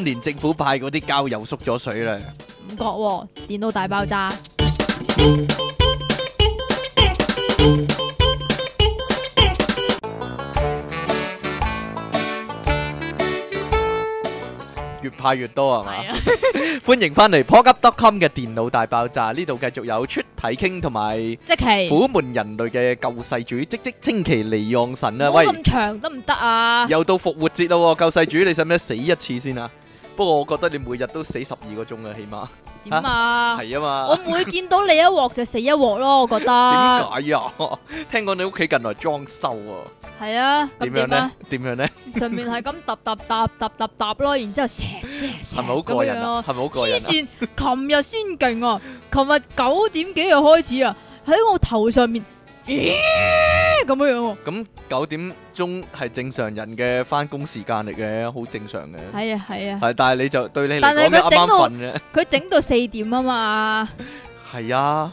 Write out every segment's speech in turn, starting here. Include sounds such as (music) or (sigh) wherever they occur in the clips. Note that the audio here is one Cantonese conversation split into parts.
今年政府派嗰啲膠又縮咗水啦！唔覺，電腦大爆炸越派越多係嘛？是啊、 (laughs) 歡迎翻嚟 prog.com o 嘅電腦大爆炸呢度，繼續有出體 King 同埋即期虎門人類嘅救世主，即即積淇離岸神、哦、喂啊！喂，咁長得唔得啊？又到復活節啦，救世主，你使唔使死一次先啊？不過我覺得你每日都死十二個鐘啊，起碼，點啊？係啊嘛，我每見到你一鑊就死一鑊咯，我覺得。點解呀？聽講你屋企近來裝修啊？係啊。點樣咧？點樣咧？上面係咁揼揼揼揼揼揼咯，然之後射射係咪好過癮呀？係咪好過癮呀？黐線琴日先勁啊，琴日九點幾又開始啊，喺我頭上面。咦咁、欸、樣樣咁九點鐘係正常人嘅返工時間嚟嘅，好正常嘅。係啊，係啊。係、啊，但係你就對你嚟講啱瞓嘅。佢整到四點啊嘛。係 (laughs) 啊。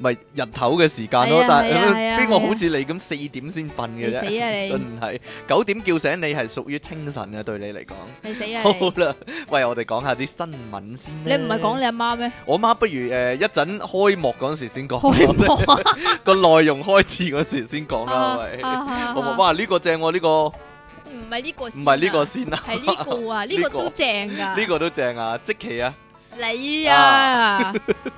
咪日頭嘅時間咯，但係邊個好似你咁四點先瞓嘅啫？死啊你！真係九點叫醒你係屬於清晨嘅，對你嚟講。你死啊你！好啦，喂，我哋講下啲新聞先。你唔係講你阿媽咩？我媽不如誒，一陣開幕嗰時先講。開幕個內容開始嗰時先講啦，喂，係咪？哇，呢個正喎，呢個唔係呢個，唔係呢個先啊，係呢個啊，呢個都正噶，呢個都正啊，即奇啊！你啊，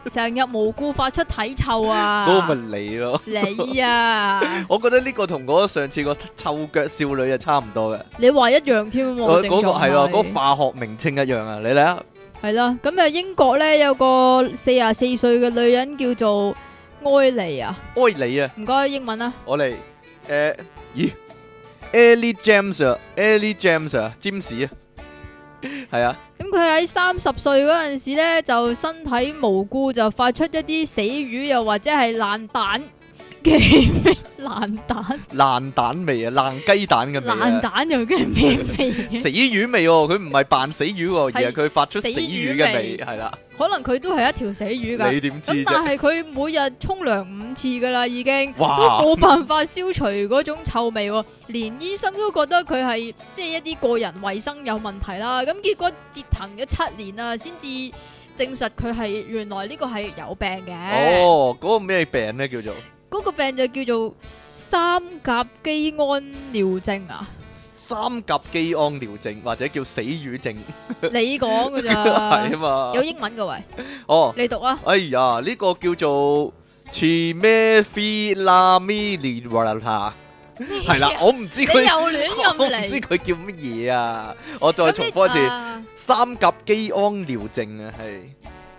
成日無辜發出體臭啊，嗰個咪你咯。你啊，我覺得呢個同嗰上次個臭腳少女啊差唔多嘅。你話一樣添，嗰個係咯，嗰個化學名稱一樣啊。你嚟啊，係啦。咁啊，英國咧有個四十四歲嘅女人叫做埃莉啊，埃莉啊，唔該英文啊，我嚟，誒，咦，Ellie James，Ellie James，詹姆士，係啊。佢喺三十歲嗰陣時咧，就身體無故就發出一啲死魚，又或者係爛蛋。雞爛蛋，爛 (laughs) 蛋味啊，爛雞蛋嘅味爛、啊、蛋又叫咩味？ (laughs) 死魚味哦，佢唔係扮死魚、哦， (laughs) 是而係佢發出死魚嘅味，係啦。了可能佢都係一條死魚噶。你點知？咁但係佢每日沖涼五次噶啦，已經哇都冇辦法消除嗰種臭味、哦，連醫生都覺得佢係即係一啲個人衛生有問題啦。咁結果折騰咗七年啊，先至證實佢係原來呢個係有病嘅。哦，嗰、那個咩病咧叫做？嗰個病就叫做三甲基胺尿症啊，三甲基胺尿症或者叫死魚症，你講噶咋？係啊嘛，有英文噶喂，哦，你讀啊，哎呀，呢個叫做 chimera meenula，係啦，我唔知佢，你又亂咁嚟，唔知佢叫乜嘢？啊我再從頭開始，三甲基胺尿症啊，係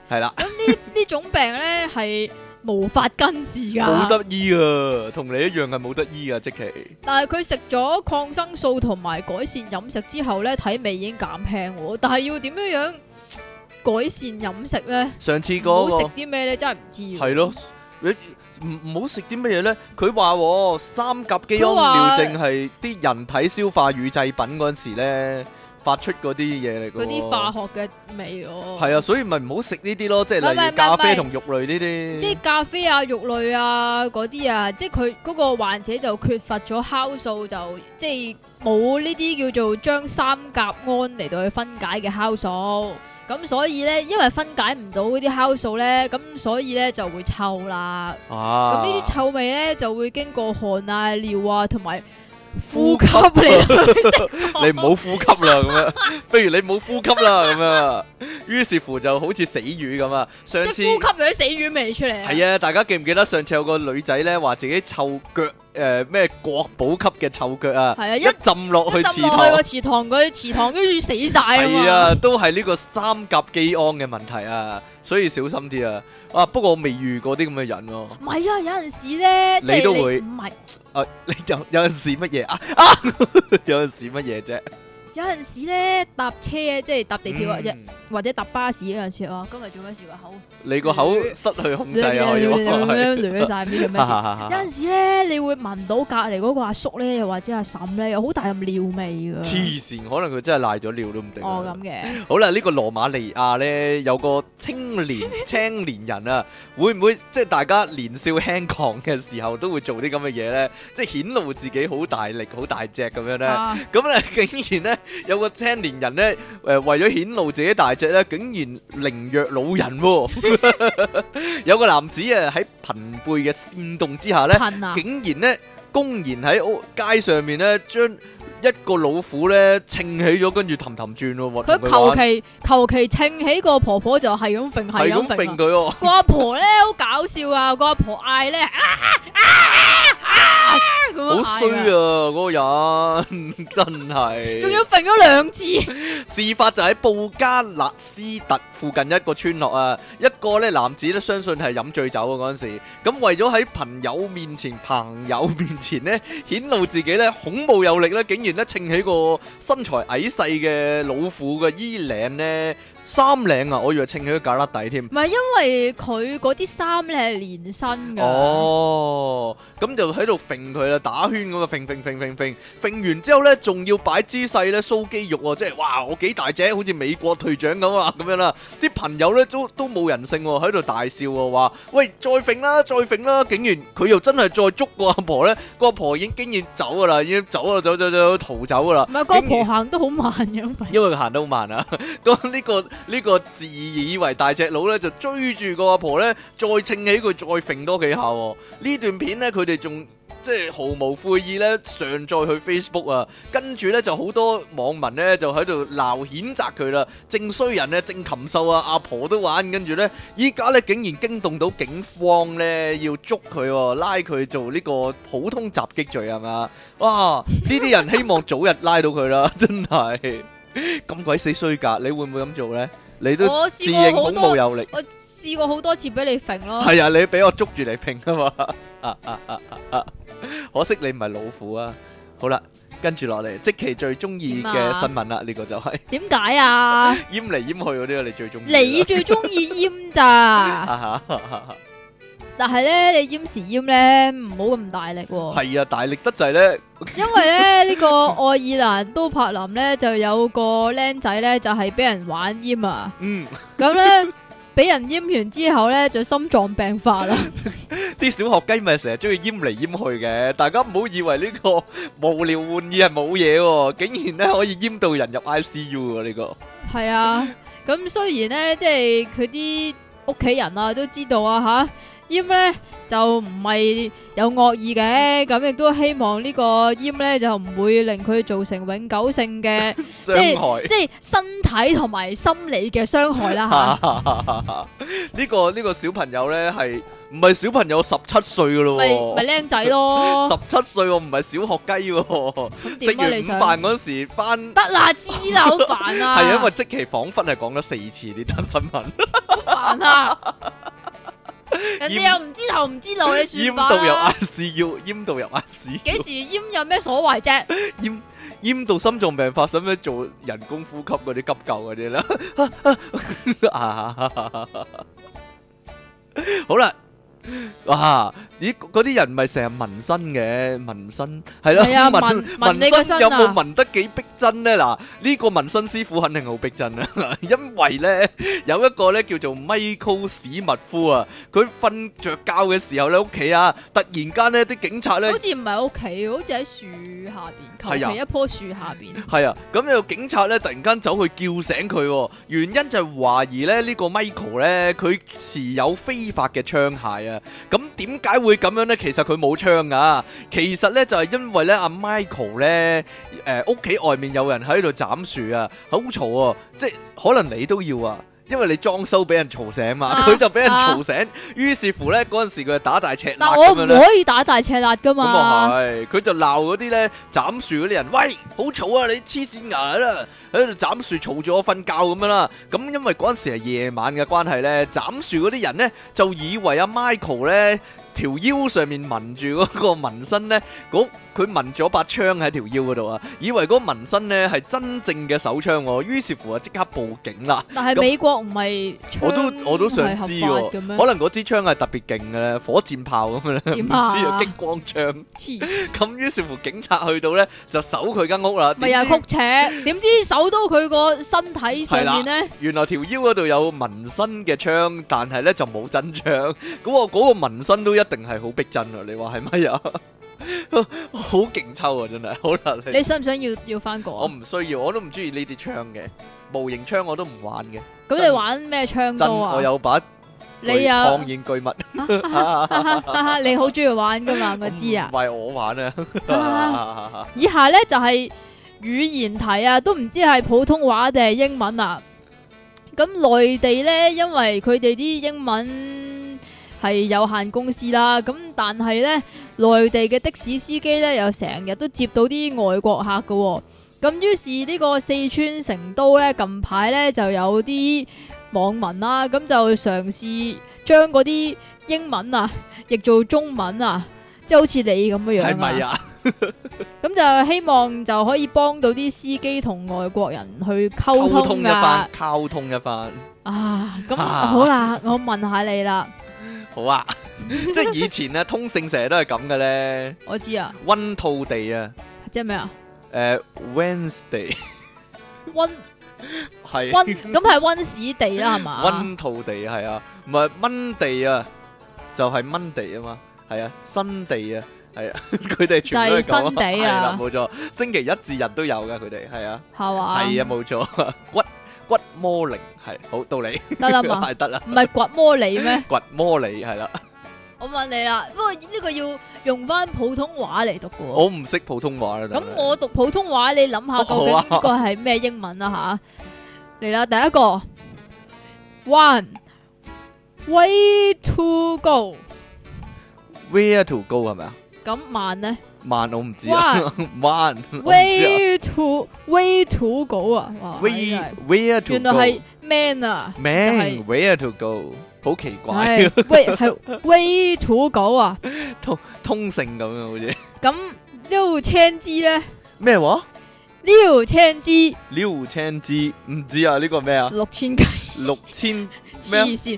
係啦，咁呢呢種病咧係。無法根治噶，冇得醫啊！同你一樣係冇得醫啊！積淇，但係佢食咗抗生素同埋改善飲食之後咧，體味已經減輕。但係要點樣樣改善飲食咧？上次嗰個唔好食啲咩咧，真係唔知的。係咯、那個，唔唔好食啲乜嘢咧？佢、欸、話、哦、三甲基胺尿症係啲他說 人體消化乳製品嗰陣時咧。發出嗰啲嘢嚟嗰啲化學嘅味哦，係啊，所以咪唔好食呢啲咯，即係咖啡同肉類呢啲，即係咖啡啊、肉類啊嗰啲啊，即係佢嗰個患者就缺乏咗酵素，就即係冇呢啲叫做將三甲胺嚟到去分解嘅酵素，咁所以咧，因為分解唔到嗰啲酵素咧，咁所以咧就會臭啦。哦，咁呢啲臭味咧就會經過汗啊、尿啊同埋呼吸你，你唔好呼吸啦咁樣，不如你唔好呼吸啦咁樣。於是乎就好似死魚咁啊。上次呼吸有啲死魚味出嚟。係啊，大家記唔記得上次有個女仔咧，話自己臭腳誒咩國寶級嘅臭腳啊？係啊，一浸落去池。浸落去個池塘嗰啲池塘跟住死晒。係啊，都係呢個三甲基胺嘅問題啊，所以小心啲啊。哇，不過我未遇過啲咁嘅人喎。唔係啊，有陣時咧，你都會唔係啊，你就有陣時乜嘢啊？啊！有陣時乜嘢啫？有陣時咧搭車，即係搭地鐵、嗯、或者或者搭巴士嗰陣時，哦，今日做咩事個口？你個口失去控制啊！又亂晒啲咁嘅事。有陣時咧，你會聞到隔籬嗰個阿叔咧，又或者阿嬸咧，有好大陣尿味噶。黐線，可能佢真係瀨咗尿都唔定。哦，咁嘅。好啦，呢、呢個羅馬尼亞咧有個青年 (laughs) 青年人啊，會唔會即係大家年少輕狂嘅時候都會做啲咁嘅嘢咧？即係顯露自己好大力、好大隻咁樣咧？咁咧、啊、 (laughs) 竟然咧？有個青年人咧，誒，為咗顯露自己大隻咧，竟然凌虐老人。有個男子啊，喺貧輩嘅煽動之下咧，竟然咧公然喺街上面咧將。一個老虎咧，稱起咗，跟住氹氹轉喎。佢求其求其稱起個婆婆就係咁揈，係咁揈佢。 (laughs) 個阿婆咧好搞笑啊！個阿婆嗌咧，啊啊啊啊！啊好衰啊！嗰、啊嗰個人真係。仲 (laughs) 要揈咗兩次。 (laughs) 事發就喺布加勒斯特附近一個村落啊，一個咧男子咧相信係飲醉酒啊嗰陣時，咁為咗喺朋友面前、朋友面前咧顯露自己咧恐怖有力咧，竟然。咧，襯起個身材矮細嘅老虎嘅衣領咧。衫領啊，我以為撐佢啲架甩底添。唔係因為佢嗰啲衫領係連身㗎。哦，咁就喺度揈佢啦，打圈咁啊，揈揈揈揈揈揈完之後咧，仲要擺姿勢咧 show 肌肉喎、哦，即係哇，我幾大隻，好似美國隊長咁啊，咁樣啦。啲朋友咧都都冇人性喎、哦，喺度大笑喎、哦，話，喂，再揈啦，再揈啦！竟然佢又真係再捉個阿婆咧，個阿婆已經竟然走㗎啦，已經走啊，走走走逃走㗎啦。唔係、個阿婆行得好慢嘅、啊，因為佢行 (laughs) (laughs) 得好慢啊。呢 (laughs) 個。呢個自以為大隻佬咧，就追住個阿婆咧，再稱起佢，再揈多幾下喎、哦。呢段片呢，佢哋仲即係毫無悔意咧，上載去 Facebook 啊。跟住咧就好多網民咧就喺度鬧譴責佢啦。正衰人咧，正禽獸啊，阿婆都玩。跟住咧，依家咧竟然驚動到警方咧，要捉佢、哦、拉佢做呢個普通襲擊罪係、啊、嘛？哇！呢啲 (laughs) 人希望早日拉到佢啦，真係。咁 (laughs) 鬼死衰格，你會唔會咁做咧？你都自認冇有力。 (laughs) 我試過好多次俾你揈咯。係啊、 (laughs) 哎，你俾我捉住嚟拼啊嘛、啊啊啊！可惜你唔係老虎啊！好啦，跟住落嚟，即其最中意嘅新聞啦、啊、呢、啊、個就係、是。點解啊？閹嚟閹去嗰啲、這個、你最中意。你最中意閹咋？ (laughs) 啊啊啊啊啊啊但係咧，你閹時閹咧，唔好咁大力。係啊，大力得滯咧。因為咧，呢個愛爾蘭都柏林咧就有個僆仔咧，就係俾人玩閹啊。嗯。咁咧，俾人閹完之後咧，就心臟病發啦。啲小學雞咪成日中意閹嚟閹去嘅，大家唔好以為呢個無聊玩意係冇嘢，竟然咧可以閹到人入 ICU 啊！呢個。係啊，咁雖然咧，即係佢啲屋企人啊，都知道啊，吓。閹咧就唔係有惡意嘅，咁亦都希望呢個閹咧就唔會令佢造成永久性嘅傷害，即係身體同埋心理嘅傷害啦吓。呢個呢個小朋友咧係唔係小朋友十七歲噶咯？咪咪靚仔咯，十七歲喎，唔係小學雞，食完午飯嗰時翻得啦，知啦好煩啊！係因為即其仿佛係講咗四次呢單新聞，好煩啊！人哋又唔知頭唔閉 知腦，你算吧。咽道入阿屎要咽道入阿屎，幾時咽有咩所謂啫？咽到心臟病發作，使唔使做人工呼吸嗰啲急救嗰啲啦？好啦。哇！咦，嗰啲人唔係成日紋身嘅，紋身係咯，紋紋身有冇紋得幾逼真？咧，嗱，呢個紋身師傅肯定好逼真啊，因為咧有一個咧叫做 Michael 史密夫啊，佢瞓着覺嘅時候咧，屋企啊，突然間咧啲警察咧，好似唔係屋企，好似喺樹下邊，係啊，一棵樹下邊，係啊，咁有個警察咧突然間走去叫醒佢，原因就係懷疑咧呢個 Michael 咧，佢持有非法嘅槍械啊。咁點解會咁樣呢？其實佢冇槍㗎，啊，其實呢，就係、是、因為呢阿、啊、Michael 呢，誒屋企外面有人喺度斬樹啊，好嘈啊，即係可能你都要啊。因為你裝修俾人嘈醒嘛，佢就俾人嘈醒，於是乎咧嗰陣時佢打大赤辣，我唔可以打大赤辣噶嘛。咁啊係，佢就鬧嗰啲咧，斬樹嗰啲人，喂，好嘈啊！你黐綫牙啦，喺度斬樹嘈住我瞓覺咁樣啦。咁因為嗰陣時係夜晚嘅關係咧，斬樹嗰啲人咧就以為阿、啊、Michael 咧條腰上面紋住嗰個紋身咧，佢紋咗把槍喺條腰嗰度啊，以為嗰個紋身咧係真正嘅手槍，於是乎啊即刻報警啦。但係美國唔係我都我都想知，可能嗰支槍係特別勁嘅咧，火箭炮咁樣咧、啊，唔知 (laughs) 激光槍。咁 (laughs) 於是乎警察去到咧就搜佢間屋啦，咪又、啊、曲尺。點知搜到佢個身體上面咧、啊，原來條腰嗰度有紋身嘅槍，但係咧就冇真槍。咁啊嗰個紋身都一定係好逼真啦，你話係咪？嘢？ (laughs) 好勁抽啊！ (laughs) 真係好難。你想唔想要要翻個？我唔需要，我都唔中意呢啲槍嘅，模型槍我都唔玩嘅。咁你玩咩槍多啊？我有把。你有。當然巨物。 (laughs) (laughs) 你好中意玩噶嘛？我知啊。唔係我，我玩啊。 (laughs) (laughs) 以下咧就係、是、語言題啊，都唔知係普通話定係英文啊。咁內地咧，因為佢哋啲英文。係有限公司啦，咁但係呢，內地嘅的，的士司機呢，又成日都接到啲外國客噶、哦，咁於是呢個四川成都呢，近排呢就有啲網民啦、啊，咁就嘗試將嗰啲英文啊譯做中文啊，即係好似你咁嘅樣係咪啊？咁、啊、 (laughs) 就希望就可以幫到啲司機同外國人去溝通，、啊、溝通一番。溝通一番，啊，咁好啦， (laughs) 我問下你啦。好啊，即係以前咧，通勝成日都係咁嘅咧。我知啊，溫兔地啊，即係咩、呃、啊？誒，Wednesday，溫係溫咁係溫屎地啦係嘛？溫兔地係啊，唔係蚊地啊，地啊啊就係蚊地啊嘛，係啊，啊啊新地啊，係啊，佢哋全部都係啊，係啦，冇錯，星期一至日都有噶，佢哋係啊，係嘛，係啊，冇錯。 (laughs) 嗯骨魔靈係好道理，得啦嘛，唔係得啦，唔係骨魔你咩？骨魔你係啦。我問你啦，不過呢個要用翻普通話嚟讀噶。我唔識普通話啦。咁我讀普通話，你諗下究竟呢個係咩英文啦吓？嚟啦，第一個，one way to go，where to go 係咪啊？咁慢咧？萬我唔知啊，萬 way to way to go 啊，哇，where to，原來係 man 啊，Man，where to go，好奇怪，喂係 way to go 啊，通通性咁樣好似。咁六千支咧？咩話？六千支？六千支？唔知啊，呢個咩啊？六千幾？六千？黐線。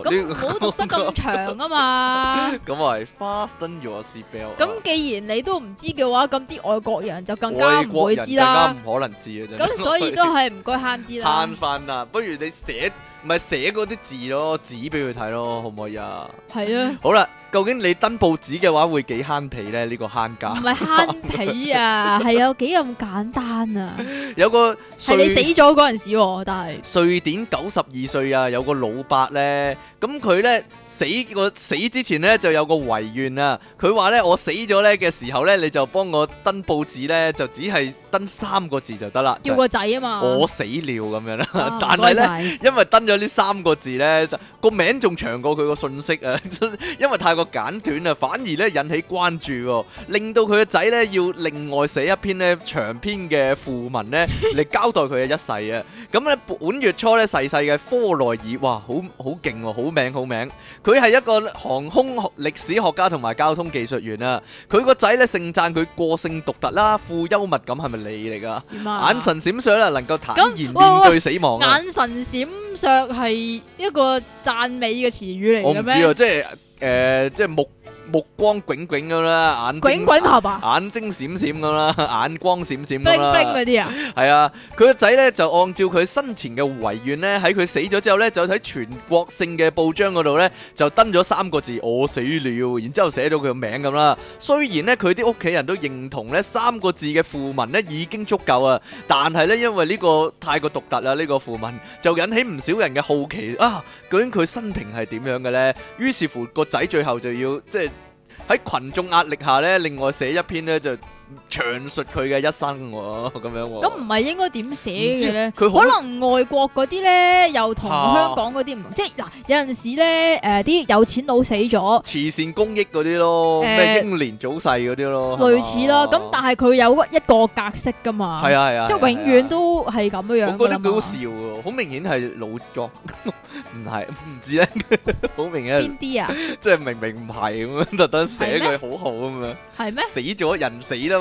咁唔好讀得咁長啊嘛 (laughs) 是！咁係 fasten your seat belt。咁既然你都唔知嘅話，咁啲外國人就更加唔會知啦。更加唔可能知嘅啫。咁所以都係唔該慳啲啦。慳飯啊！不如你寫。唔係寫嗰啲字咯，紙俾佢睇咯，可唔可以啊？係是啊。好啦，究竟你登報紙嘅話會幾慳皮咧？呢、呢個慳家。唔係慳皮啊，係 (laughs) 有幾咁簡單啊？有個係你死咗嗰陣時，但係瑞典九十二歲啊，有個老伯咧，咁佢咧死個死之前咧就有個遺願啊，佢話咧我死咗咧嘅時候咧，你就幫我登報紙咧，就只係。登三個字就得啦，叫個仔啊嘛，我死了咁樣啦。 (laughs) 但係咧，因為登咗呢三個字咧，個名仲長過佢個信息啊， (laughs) 因為太過簡短啊，反而咧引起關注、哦，令到佢個仔咧要另外寫一篇咧長篇嘅訃文咧嚟交代佢嘅一世啊。咁咧 (laughs) 本月初咧逝世嘅科內爾，哇，好好勁喎、哦，好名好名。佢係一個航空學歷史學家同埋交通技術員啊。佢個仔咧盛讚佢個性獨特啦，富幽默感係咪？是你嚟噶，眼神閃爍，啦，能夠坦然面對死亡哇哇。眼神閃爍，係一個讚美嘅詞語嚟嘅咩？即係誒、呃，即係木。目光炯炯咁啦，眼睛炯炯下，眼睛閃閃咁啦，眼光閃閃咁啦，冰冰嗰啲啊，係啊，佢個仔呢，就按照佢生前嘅遺願呢，喺佢死咗之後呢，就喺全國性嘅報章嗰度呢，就登咗三個字我死了，然之後寫咗佢個名咁啦。雖然呢，佢啲屋企人都認同呢三個字嘅訃文呢已經足夠啊，但係呢，因為呢個太過獨特啦，呢個訃文就引起唔少人嘅好奇啊，究竟佢生平係點樣嘅呢？於是乎個仔最後就要即係。喺群眾壓力下咧，另外寫一篇咧就。詳述佢嘅一生咁樣，咁唔係應該點寫嘅咧？佢可能外國嗰啲咧，又同香港嗰啲唔同，即係嗱，有陣時咧誒，啲有錢佬死咗，慈善公益嗰啲咯，咩英年早逝嗰啲咯，類似咯。咁但係佢有一個格式噶嘛，係啊係啊，即係永遠都係咁樣樣。我覺得幾好笑，好明顯係老作，唔係唔知咧，好明顯邊啲啊？即係明明唔係咁，特登寫一句好好咁樣？係咩？死咗人死啦。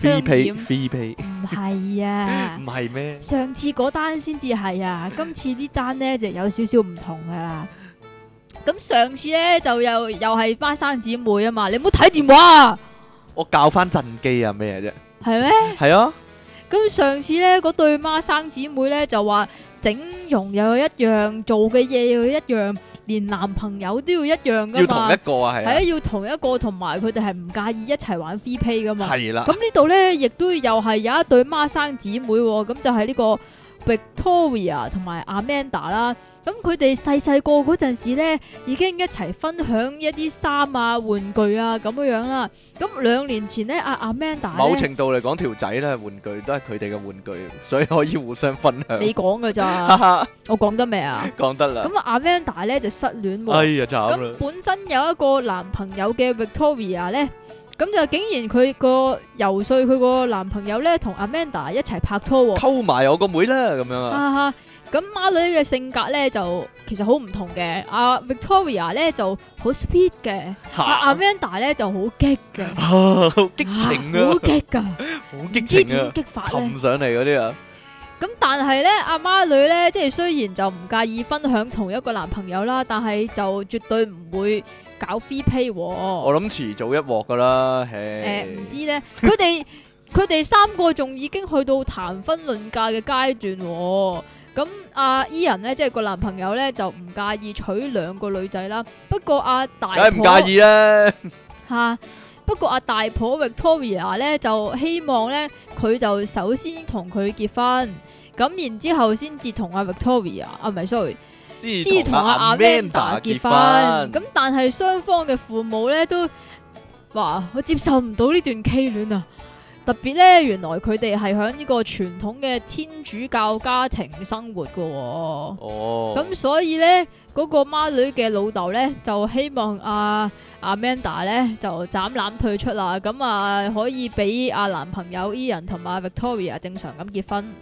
free 皮 free 皮唔係啊，唔係咩？上次嗰單先至係啊，今次呢單咧就有少少唔同噶啦。咁上次咧就又又係班三姊妹啊嘛，你唔好睇電話啊！我教翻陣機啊咩啫，係咩？係啊！咁上次咧，嗰對孖生姊妹咧就話整容又有一樣，做嘅嘢又一樣，連男朋友都要一樣噶嘛。要同一個啊，係啊，啊，要同一個，同埋佢哋係唔介意一齊玩 free play 噶嘛。係啦、啊，咁呢度咧，亦都又係有一對孖生姊妹，哦，咁就係呢、這個。Victoria 同埋 Amanda 啦，咁佢哋細細個嗰陣時咧，已經一齊分享一啲衫啊、玩具啊咁樣樣啦。咁兩年前咧，阿、啊、Amanda 某程度嚟講，條仔咧，玩具都係佢哋嘅玩具，所以可以互相分享你。你講㗎咋？我講得未啊？講得啦。咁 Amanda 咧就失戀。哎呀，就啦！咁本身有一個男朋友嘅 Victoria 咧。咁就竟然佢個遊說佢個男朋友咧，同 Amanda 一齊拍拖，溝埋我個妹啦咁樣啊！咁孖、啊啊、女嘅性格咧就其實好唔同嘅，阿、uh, Victoria 咧就好 sweet 嘅，阿、啊啊、Amanda 咧就好激嘅、啊，好激情啊，啊好激噶， (laughs) 好激情啊，點 (laughs) 激法咧？浮唔上嚟嗰啲啊！咁但係咧，阿媽女咧，即係雖然就唔介意分享同一個男朋友啦，但係就絕對唔會搞 free pay，喔。我諗遲早一鑊噶啦，誒、hey，唔、呃、知咧，佢哋佢哋三個仲已經去到談婚論嫁嘅階段，喔。咁阿伊人咧，即係個男朋友咧，就唔介意娶兩個女仔啦。不過阿、啊、大，梗係唔介意啦，吓。 (laughs) 不過阿大婆 Victoria 咧就希望咧，佢就首先同佢結婚，咁然之後先至同阿 Victoria，啊唔係 sorry，先同阿 Amanda 結婚，咁但係雙方嘅父母咧都話我接受唔到呢段畸戀啊！特別咧，原來佢哋係響呢個傳統嘅天主教家庭生活噶，哦，咁、oh. 所以咧嗰、那個孖女嘅老豆咧就希望阿、啊。阿 Manda 咧就斬纜退出啦，咁啊可以俾阿男朋友 Ian 同埋阿 Victoria 正常咁結婚，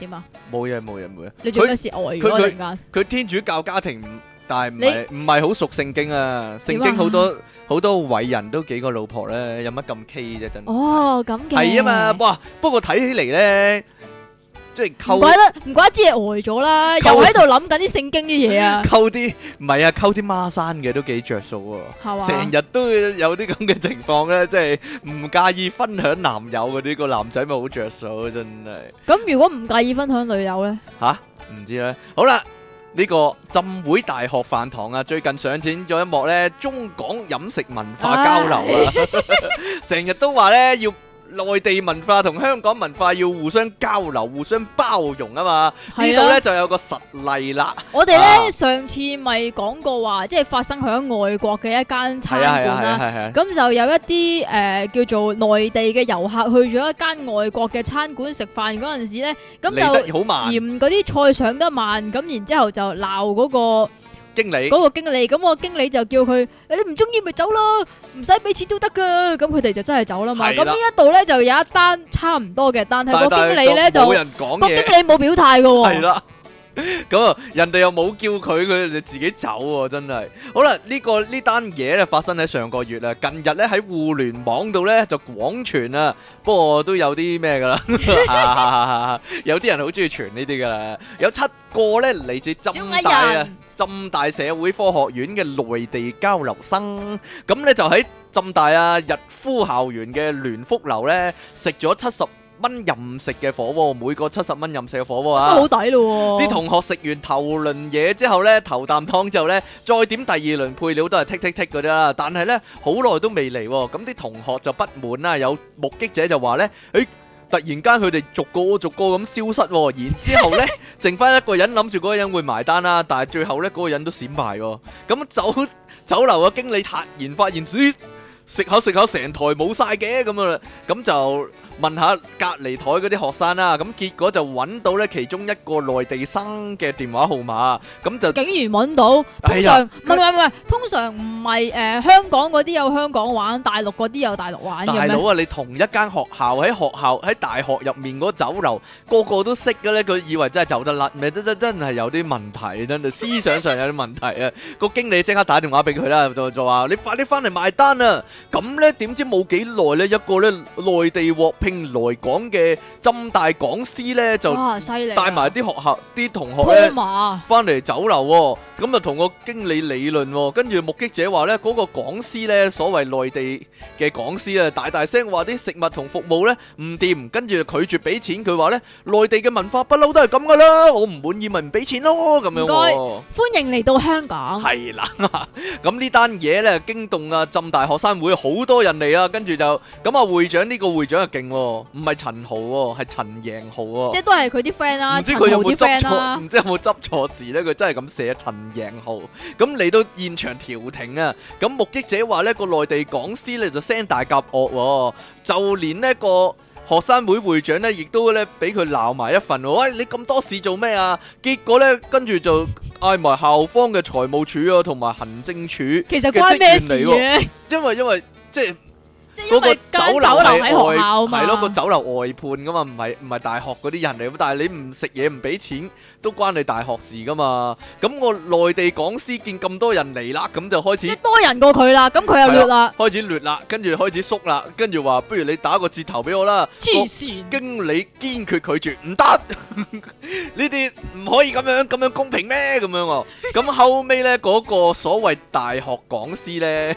點啊？冇嘢冇嘢冇嘢，佢佢佢天主教家庭，但係唔係唔係好熟聖經啊？聖經好多好多偉人都幾個老婆咧，有乜咁 key 啫？真哦，咁嘅係啊嘛，哇！不過睇起嚟咧。即係溝唔怪得，唔怪之係呆咗啦，又喺度諗緊啲聖經啲嘢啊！溝啲唔係啊，溝啲孖生嘅都幾着數啊，成日都有啲咁嘅情況咧，即係唔介意分享男友嘅呢個男仔咪好着數啊，真係。咁如果唔介意分享女友咧？吓，唔知咧。好啦，呢個浸會大學飯堂啊，最近上演咗一幕咧，中港飲食文化交流啊，成日都話咧要。內地文化同香港文化要互相交流、互相包容啊嘛，是啊，呢度咧就有個實例啦。我哋咧上次咪講過話，即係發生喺外國嘅一間餐館啦，咁、啊啊啊、就有一啲誒、呃、叫做內地嘅遊客去咗一間外國嘅餐館食飯嗰陣時咧，咁就嫌嗰啲菜上得慢，咁然之後就鬧嗰、嗰個。經理嗰個經理，咁我經理就叫佢：，你唔中意咪走咯，唔使俾錢都得噶。咁佢哋就真係走啦嘛。咁呢一度呢，就有一單差唔多嘅，但係個經理呢，就冇人講，個經理冇表態噶喎。咁啊，人哋又冇叫佢，佢就自己走喎，啊，真係。好啦，呢、呢個呢單嘢咧，發生喺上個月啦，近日咧喺互聯網度咧就廣傳啦，不過都有啲咩噶啦， (laughs) (laughs) (laughs) 有啲人好中意傳呢啲噶啦，有七個咧嚟自浸大啊，浸大社會科學院嘅內地交流生，咁咧就喺浸大啊，逸夫校園嘅聯福樓咧食咗七十。蚊任食嘅火鍋，每個七十蚊任食嘅火鍋啊，都好抵咯！啲同學食完頭輪嘢之後咧，頭啖湯之後咧再點第二輪配料都係剔剔剔㗎啫。但係咧好耐都未嚟，咁啲同學就不滿啦。有目擊者就話咧，誒，突然間佢哋逐個逐個咁消失，然之後咧剩翻一個人諗住嗰個人會埋單啦，但係最後咧嗰個人都閃埋喎。咁酒酒樓嘅經理突然發現書。食口食口成台冇晒嘅咁啊！咁就問下隔離台嗰啲學生啦，咁結果就揾到呢其中一個內地生嘅電話號碼，咁就竟然揾到。通常唔係，通常唔係，誒，香港嗰啲有香港玩，大陸嗰啲有大陸玩，大佬啊！你同一間學校喺學校喺大學入面嗰酒樓，個個都識嘅呢。佢以為真係走得甩咩？真真真係有啲問題，真係思想上有啲問題啊！個 (laughs) 經理即刻打電話俾佢啦，就就話你快啲翻嚟埋單啊！咁咧，點知冇幾耐咧，一個咧內地獲聘來港嘅浸大講師咧，就犀利，帶埋啲學校啲同學咧，翻嚟酒樓喎，咁就同個經理理論。跟住目擊者話咧，嗰個講師咧，所謂內地嘅講師啊，大大聲話啲食物同服務咧唔掂，跟住拒絕俾錢。佢話咧，內地嘅文化不嬲都係咁噶啦，我唔滿意咪唔俾錢咯，咁樣。歡迎嚟到香港。係啦，咁呢單嘢咧驚動啊浸大學生會。好多人嚟啊，跟住就咁啊！會長呢、這個會長啊勁、哦，唔係陳豪、哦，係陳贏豪、哦。即係都係佢啲 friend 啊。唔知佢有冇執錯，唔、啊、知有冇執錯字咧？佢真係咁寫陳贏豪。咁嚟到現場調停啊！咁目擊者話呢個內地講師咧就聲大夾惡、哦，就連呢個學生會會長呢，亦都咧俾佢鬧埋一份。喂，你咁多事做咩啊？結果咧，跟住就。嗌埋校方嘅財務處啊，同埋行政處，嘅其實關咩事，職員嚟嘅， (laughs) 因為因為即係。嗰個酒樓喺學校係咯，個酒樓外判噶嘛，唔係唔係大學嗰啲人嚟，但係你唔食嘢唔俾錢都關你大學事噶嘛。咁我內地講師見咁多人嚟啦，咁就開始多人過佢啦，咁佢又劣啦，開始劣啦，跟住開始縮啦，跟住話不如你打個折頭俾我啦。黐線！經理堅決拒絕，唔得呢啲唔可以咁樣咁樣公平咩？咁樣哦。咁後屘咧嗰個所謂大學講師咧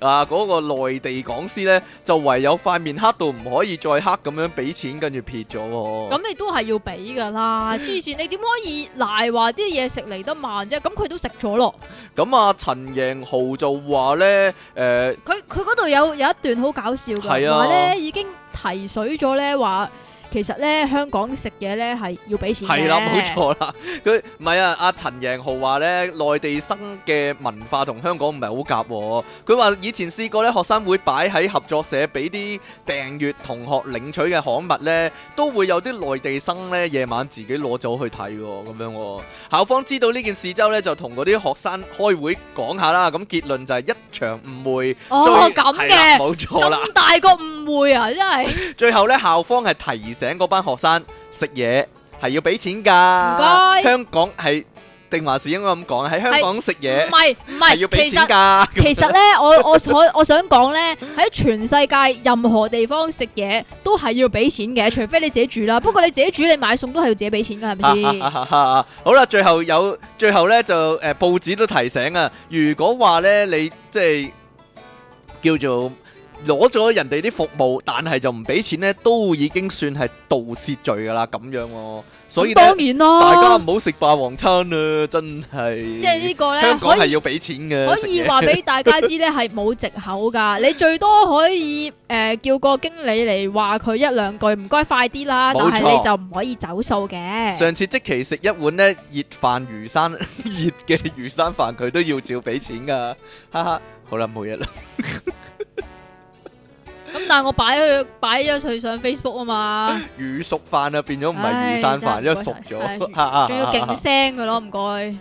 啊，嗰個內地講師咧。就唯有塊面黑到唔可以再黑咁樣俾錢，跟住撇咗。咁你都係要俾噶啦，黐線！你點可以賴話啲嘢食嚟得慢啫？咁佢都食咗咯。咁啊，陳盈豪就話咧，誒、呃，佢佢嗰度有有一段好搞笑噶，同埋咧已經提水咗咧話。其實咧，香港食嘢咧係要俾錢嘅。係啦、啊，冇錯啦。佢唔係啊，阿陳盈豪話咧，內地生嘅文化同香港唔係好夾。佢話以前試過咧，學生會擺喺合作社俾啲訂閲同學領取嘅刊物咧，都會有啲內地生咧夜晚自己攞走去睇咁樣、哦。校方知道呢件事之後咧，就同嗰啲學生開會講下啦。咁結論就係一場誤會。哦，咁嘅，冇、啊、錯啦，咁大個誤會啊，真係。 (laughs) 最後咧，校方係提，請嗰班學生食嘢係要俾錢噶，唔該，香港係定還是應該咁講？喺香港食嘢唔係唔係要俾錢噶？其實咧，我我我我想講咧，喺全世界任何地方食嘢都係要俾錢嘅，除非你自己煮啦。不過你自己煮，你買餸都係要自己俾錢噶，係咪先？好啦，最後有最後咧就誒，報紙都提醒啊，如果話咧你即係叫做。攞咗人哋啲服務，但係就唔俾錢呢，都已經算係盜竊罪噶啦咁樣，哦，所以當然大家唔好食霸王餐啊，真係。即係呢個呢，香港可以係要俾錢嘅。可以話俾大家知呢，係冇藉口噶。 (laughs) 你最多可以誒、呃、叫個經理嚟話佢一兩句唔該快啲啦，錯但係你就唔可以走數嘅。上次即期食一碗呢熱飯魚生， (laughs) 熱嘅魚生飯佢都要照俾錢噶。哈哈，好啦，冇嘢啦。咁但係我擺咗擺咗佢上 Facebook，啊嘛，魚熟飯啊，變咗唔係魚生飯，因為熟咗，仲要勁腥嘅咯，唔該。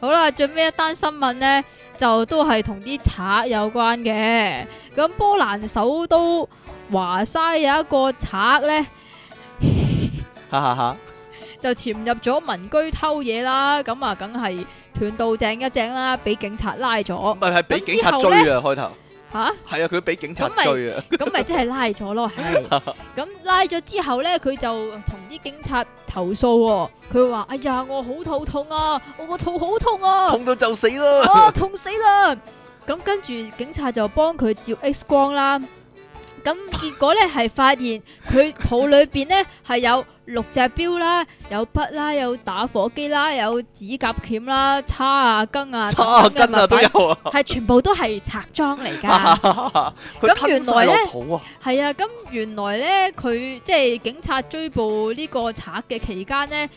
好啦，最尾一單新聞呢就都係同啲賊有關嘅。咁波蘭首都華沙有一個賊呢，哈哈哈，就潛入咗民居偷嘢啦。咁啊，梗係斷到正一正啦，俾警察拉咗，唔係係俾警察追啊開頭。吓，係啊，佢俾、啊、警察追啊不，咁咪即係拉咗咯。咁拉咗之後咧，佢就同啲警察投訴，佢話：哎呀，我好肚痛啊，我個肚好痛啊，痛到就死啦，啊，痛死啦！咁跟住警察就幫佢照 X 光啦，咁結果咧係發現佢肚裏邊咧係有。六隻錶啦，有筆啦，有打火機啦，有指甲鉗啦，叉啊，根啊、跟啊等等嘅物品叉啊根啊、啊，係全部都係賊贓嚟噶。咁原來咧，係啊，啊，咁原來咧，佢即係警察追捕個呢個賊嘅期間咧，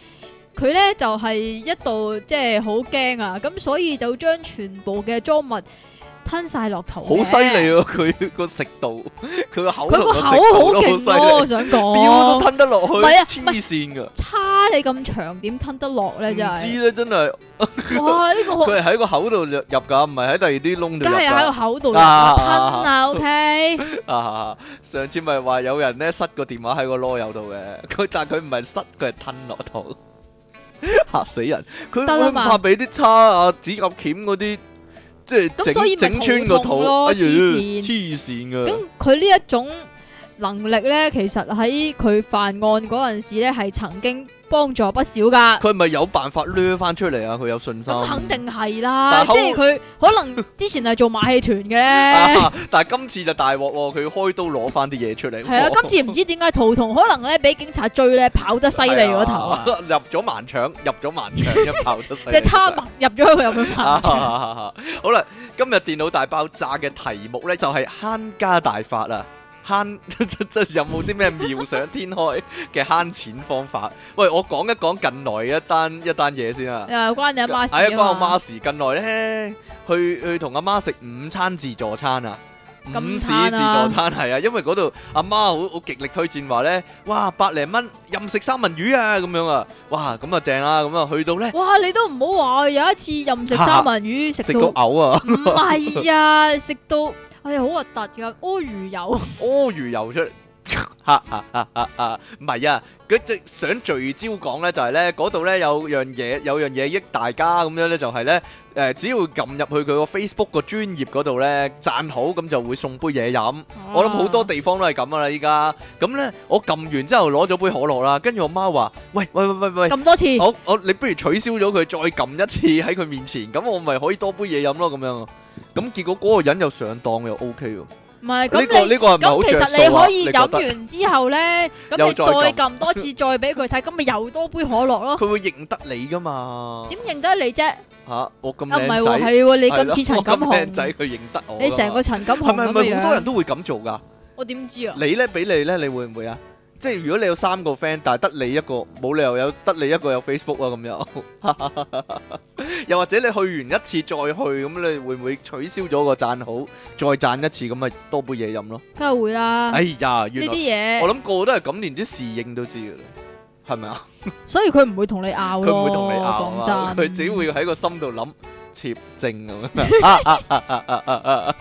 佢咧就係、是、一度即係好驚啊，咁所以就將全部嘅贓物。吞晒落肚，好犀利啊！佢個食道，佢個口，佢個口好勁哦！我想講，都吞得落去，黐線噶叉你咁長，點吞得落咧？真係知咧，真係。佢係喺個口度入噶唔係喺第二啲窿度，梗係喺個口度吞啊 OK。上次咪話有人咧塞個電話喺個囉柚度嘅，佢但佢唔係塞，佢係吞落肚，吓死人！佢會唔怕俾啲叉啊、指甲鉗嗰啲？即係整整穿個肚，黐線黐線嘅。咁佢呢一種能力呢，其實喺佢犯案嗰陣時呢，係曾經。幫助不少噶，佢咪有辦法掠翻出嚟啊？佢有信心，嗯、肯定係啦，但即係佢可能之前係做馬戲團嘅，但係今次就大鑊喎，佢開刀攞翻啲嘢出嚟。係啦、啊，哇 今次唔知點解陶同可能咧俾警察追咧跑得犀利嗰頭、啊哎呀。入咗盲腸，入咗盲腸，一跑得犀利。就差入咗去佢入去盲腸 (laughs) (laughs) (laughs) 好啦，今日電腦大爆炸嘅題目咧就係、是、慳家大法啊！慳即即有冇啲咩妙想天開嘅慳錢方法？ (laughs) 喂，我講一講近來一單一單嘢先啊！啊、哎，關你阿媽，媽事。係啊下，關我媽事。近來咧，去去同阿媽食午餐自助餐啊！午市自助餐係啊，因為嗰度阿媽好好極力推薦話咧，哇，百零蚊任食三文魚啊，咁樣啊，哇，咁啊正啊，咁啊去到咧，哇，你都唔好話我有一次任食三文魚食到嘔啊！唔係啊，食、 (laughs) 啊、到。係好核突㗎，屙魚油，屙 (laughs) 魚油出嚟。吓吓吓吓吓！唔係啊，佢直想聚焦講咧，就係咧嗰度咧有樣嘢，有樣嘢益大家咁樣咧，就係咧誒，只要撳入去佢個 Facebook 個專頁嗰度咧讚好，咁就會送杯嘢飲。我諗好多地方都係咁噶啦，依家咁咧，我撳完之後攞咗杯可樂啦，跟住我媽話：喂喂喂喂喂，咁多次，我我你不如取消咗佢，再撳一次喺佢面前，咁我咪可以多杯嘢飲咯，咁樣。咁結果嗰個人又上當又 OK 喎。唔係，咁呢個呢個係唔好著數啊！咁其實你可以飲完之後咧，咁你再撳多次，再俾佢睇，咁咪又多杯可樂咯。佢會認得你噶嘛？點認得你啫？吓，我咁靚仔，唔係喎，係喎，你咁似陳錦洪，佢認得我，你成個陳錦洪咁樣，係咪好多人都會咁做噶？我點知啊？你咧，俾你咧，你會唔會啊？即係如果你有三個 friend，但係得你一個，冇理由有得你一個有 Facebook 啊，咁又樣 (laughs) 又或者你去完一次再去咁，你會唔會取消咗個讚好，再讚一次，咁咪多杯嘢飲咯？梗係會啦！哎呀，呢啲嘢我諗個個都係咁，連啲侍應都知噶啦，係咪 (laughs) 啊？所以佢唔會同你拗，佢唔會同你拗啊，佢只會喺個心度諗切正。咁、啊。啊啊啊啊啊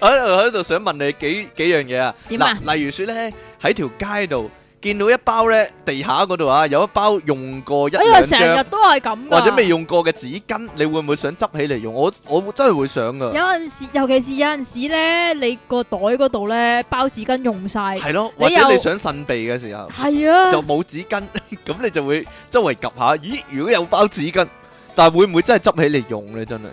我喺度想問你幾幾樣嘢啊？嗱，例如說咧喺條街度見到一包咧，地下嗰度啊，有一包用過一兩張，因為成日都係咁，或者未用過嘅紙巾，你會唔會想執起嚟用？我我真係會想噶。有陣時，尤其是有陣時咧，你個袋嗰度咧包紙巾用晒，係咯，或者你想擤鼻嘅時候，係啊，就冇紙巾，咁你就會周圍及下。咦？如果有包紙巾，但係會唔會真係執起嚟用咧？真係，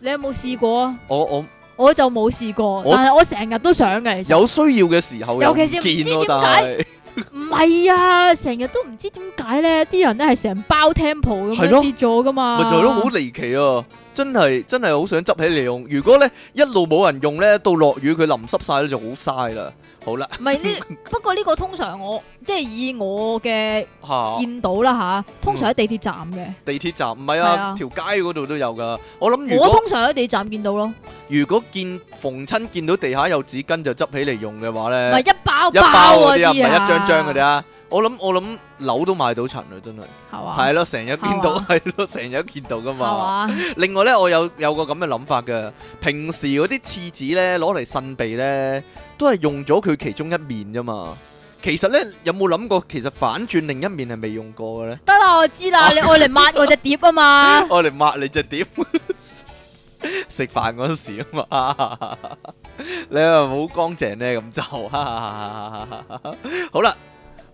你有冇試過啊？我我。我就冇試過，我 但係我成日都想嘅。有需要嘅時候，尤其是唔知點解，唔係是啊！成日 (laughs) 都唔知點解咧，啲人咧係成包 temple 咁樣跌咗噶嘛。咪就係咯，都好離奇啊！真係真係好想執起嚟用如果咧一路冇人用咧，到落雨佢淋濕晒咧就好嘥啦。好啦不，唔係呢，不過呢、這個通常我即係以我嘅哈 見到啦吓，通常喺地鐵站嘅、嗯、地鐵站唔係啊，條對、啊、街嗰度都有噶。我諗我通常喺地鐵站見到咯。如果見逢親見到地下有紙巾就執起嚟用嘅話咧，唔係一包一包嗰啲啊，唔係地下 一張張啲啊。我諗我諗樓都買到塵啦，真係係啊！係咯，成日見到係咯，成日見到噶嘛。另外咧，我有有個咁嘅諗法嘅，平時嗰啲廁紙咧，攞嚟擤鼻，咧都係用咗佢其中一面啫嘛。其實咧，有冇諗過其實反轉另一面係未用過嘅咧？得啦，我知啦，你愛嚟抹我隻碟啊嘛，愛嚟抹你隻碟，食飯嗰陣時啊嘛，你又唔好乾淨咧咁就，好啦。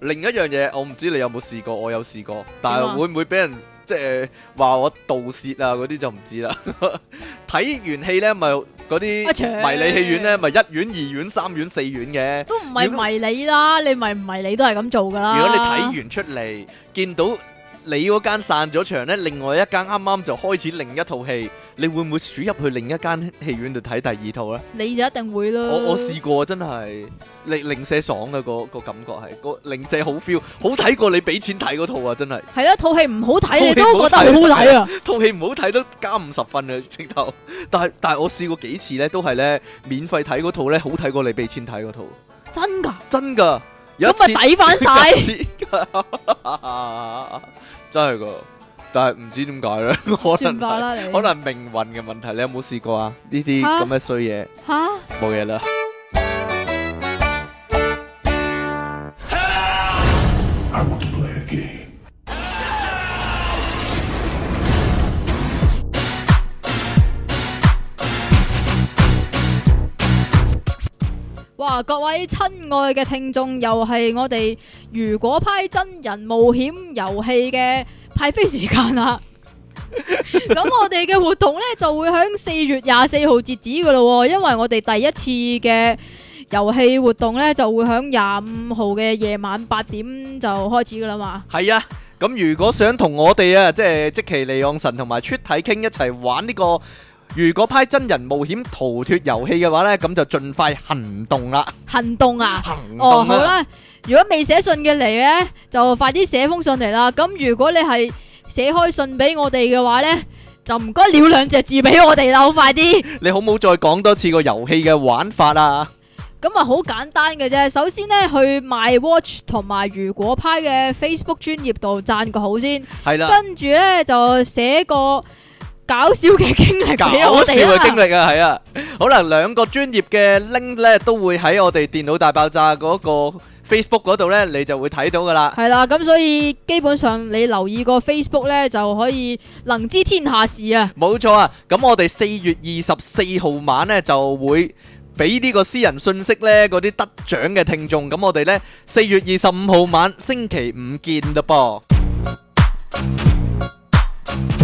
另一樣嘢，我唔知你有冇試過？我有試過，但係會唔會俾人即係話我盜竊啊嗰啲就唔知啦。睇完戲呢咪，嗰啲迷你戲院呢咪、就是、一院、二院、三院、四院嘅，都唔係迷你啦，果你咪唔迷你都係咁做噶啦。如果你睇完出嚟，見到。你嗰間散咗場咧，另外一間啱啱就開始另一套戲，你會唔會鼠入去另一間戲院度睇第二套咧？你就一定會咯。我我試過，真係零零舍爽嘅，個個感覺係，個零舍好 feel， (laughs) 好睇過你俾錢睇嗰套啊，真係。係咯，套戲唔好睇，你都覺得佢好睇啊？套戲唔好睇都加五十分啊。直頭。但係但係我試過幾次咧，都係咧免費睇嗰套咧好睇過你俾錢睇嗰套。真噶的？真噶？如果咪抵翻晒，真係噶，但係唔知點解咧，可能可能命運嘅問題，你有冇試過啊？呢啲咁嘅衰嘢，吓哈，冇嘢啦。哈各位親愛嘅聽眾，又係我哋如果拍真人冒險遊戲嘅派飛時間啦。咁 (laughs) 我哋嘅活動呢，就會響四月廿四號截止噶咯，因為我哋第一次嘅遊戲活動呢，就會響廿五號嘅夜晚八點就開始噶啦嘛。係啊，咁如果想同我哋啊，即係積淇離岸神同埋出體 king 一齊玩呢、這個。如果派真人冒險逃脱遊戲嘅話咧，咁就盡快行動啦！行動啊！行動哦，好啦，如果未寫信嘅嚟咧，就快啲寫封信嚟啦！咁如果你係寫開信俾我哋嘅話咧，就唔該了兩隻字俾我哋啦，好快啲！你好唔好再講多次個遊戲嘅玩法啊！咁啊好簡單嘅啫，首先咧去 My Watch 同埋如果派嘅 Facebook 專頁度讚個好先，係啦，跟住咧就寫個。搞笑嘅經歷，搞笑嘅經歷啊，係啊，可能兩個專業嘅 link 咧都會喺我哋電腦大爆炸嗰個 Facebook 嗰度咧，你就會睇到噶啦。係啦，咁所以基本上你留意個 Facebook 咧，就可以能知天下事啊。冇錯啊，咁我哋四月二十四號晚咧就會俾呢個私人信息咧，嗰啲得獎嘅聽眾，咁我哋咧四月二十五號晚星期五見咯噃。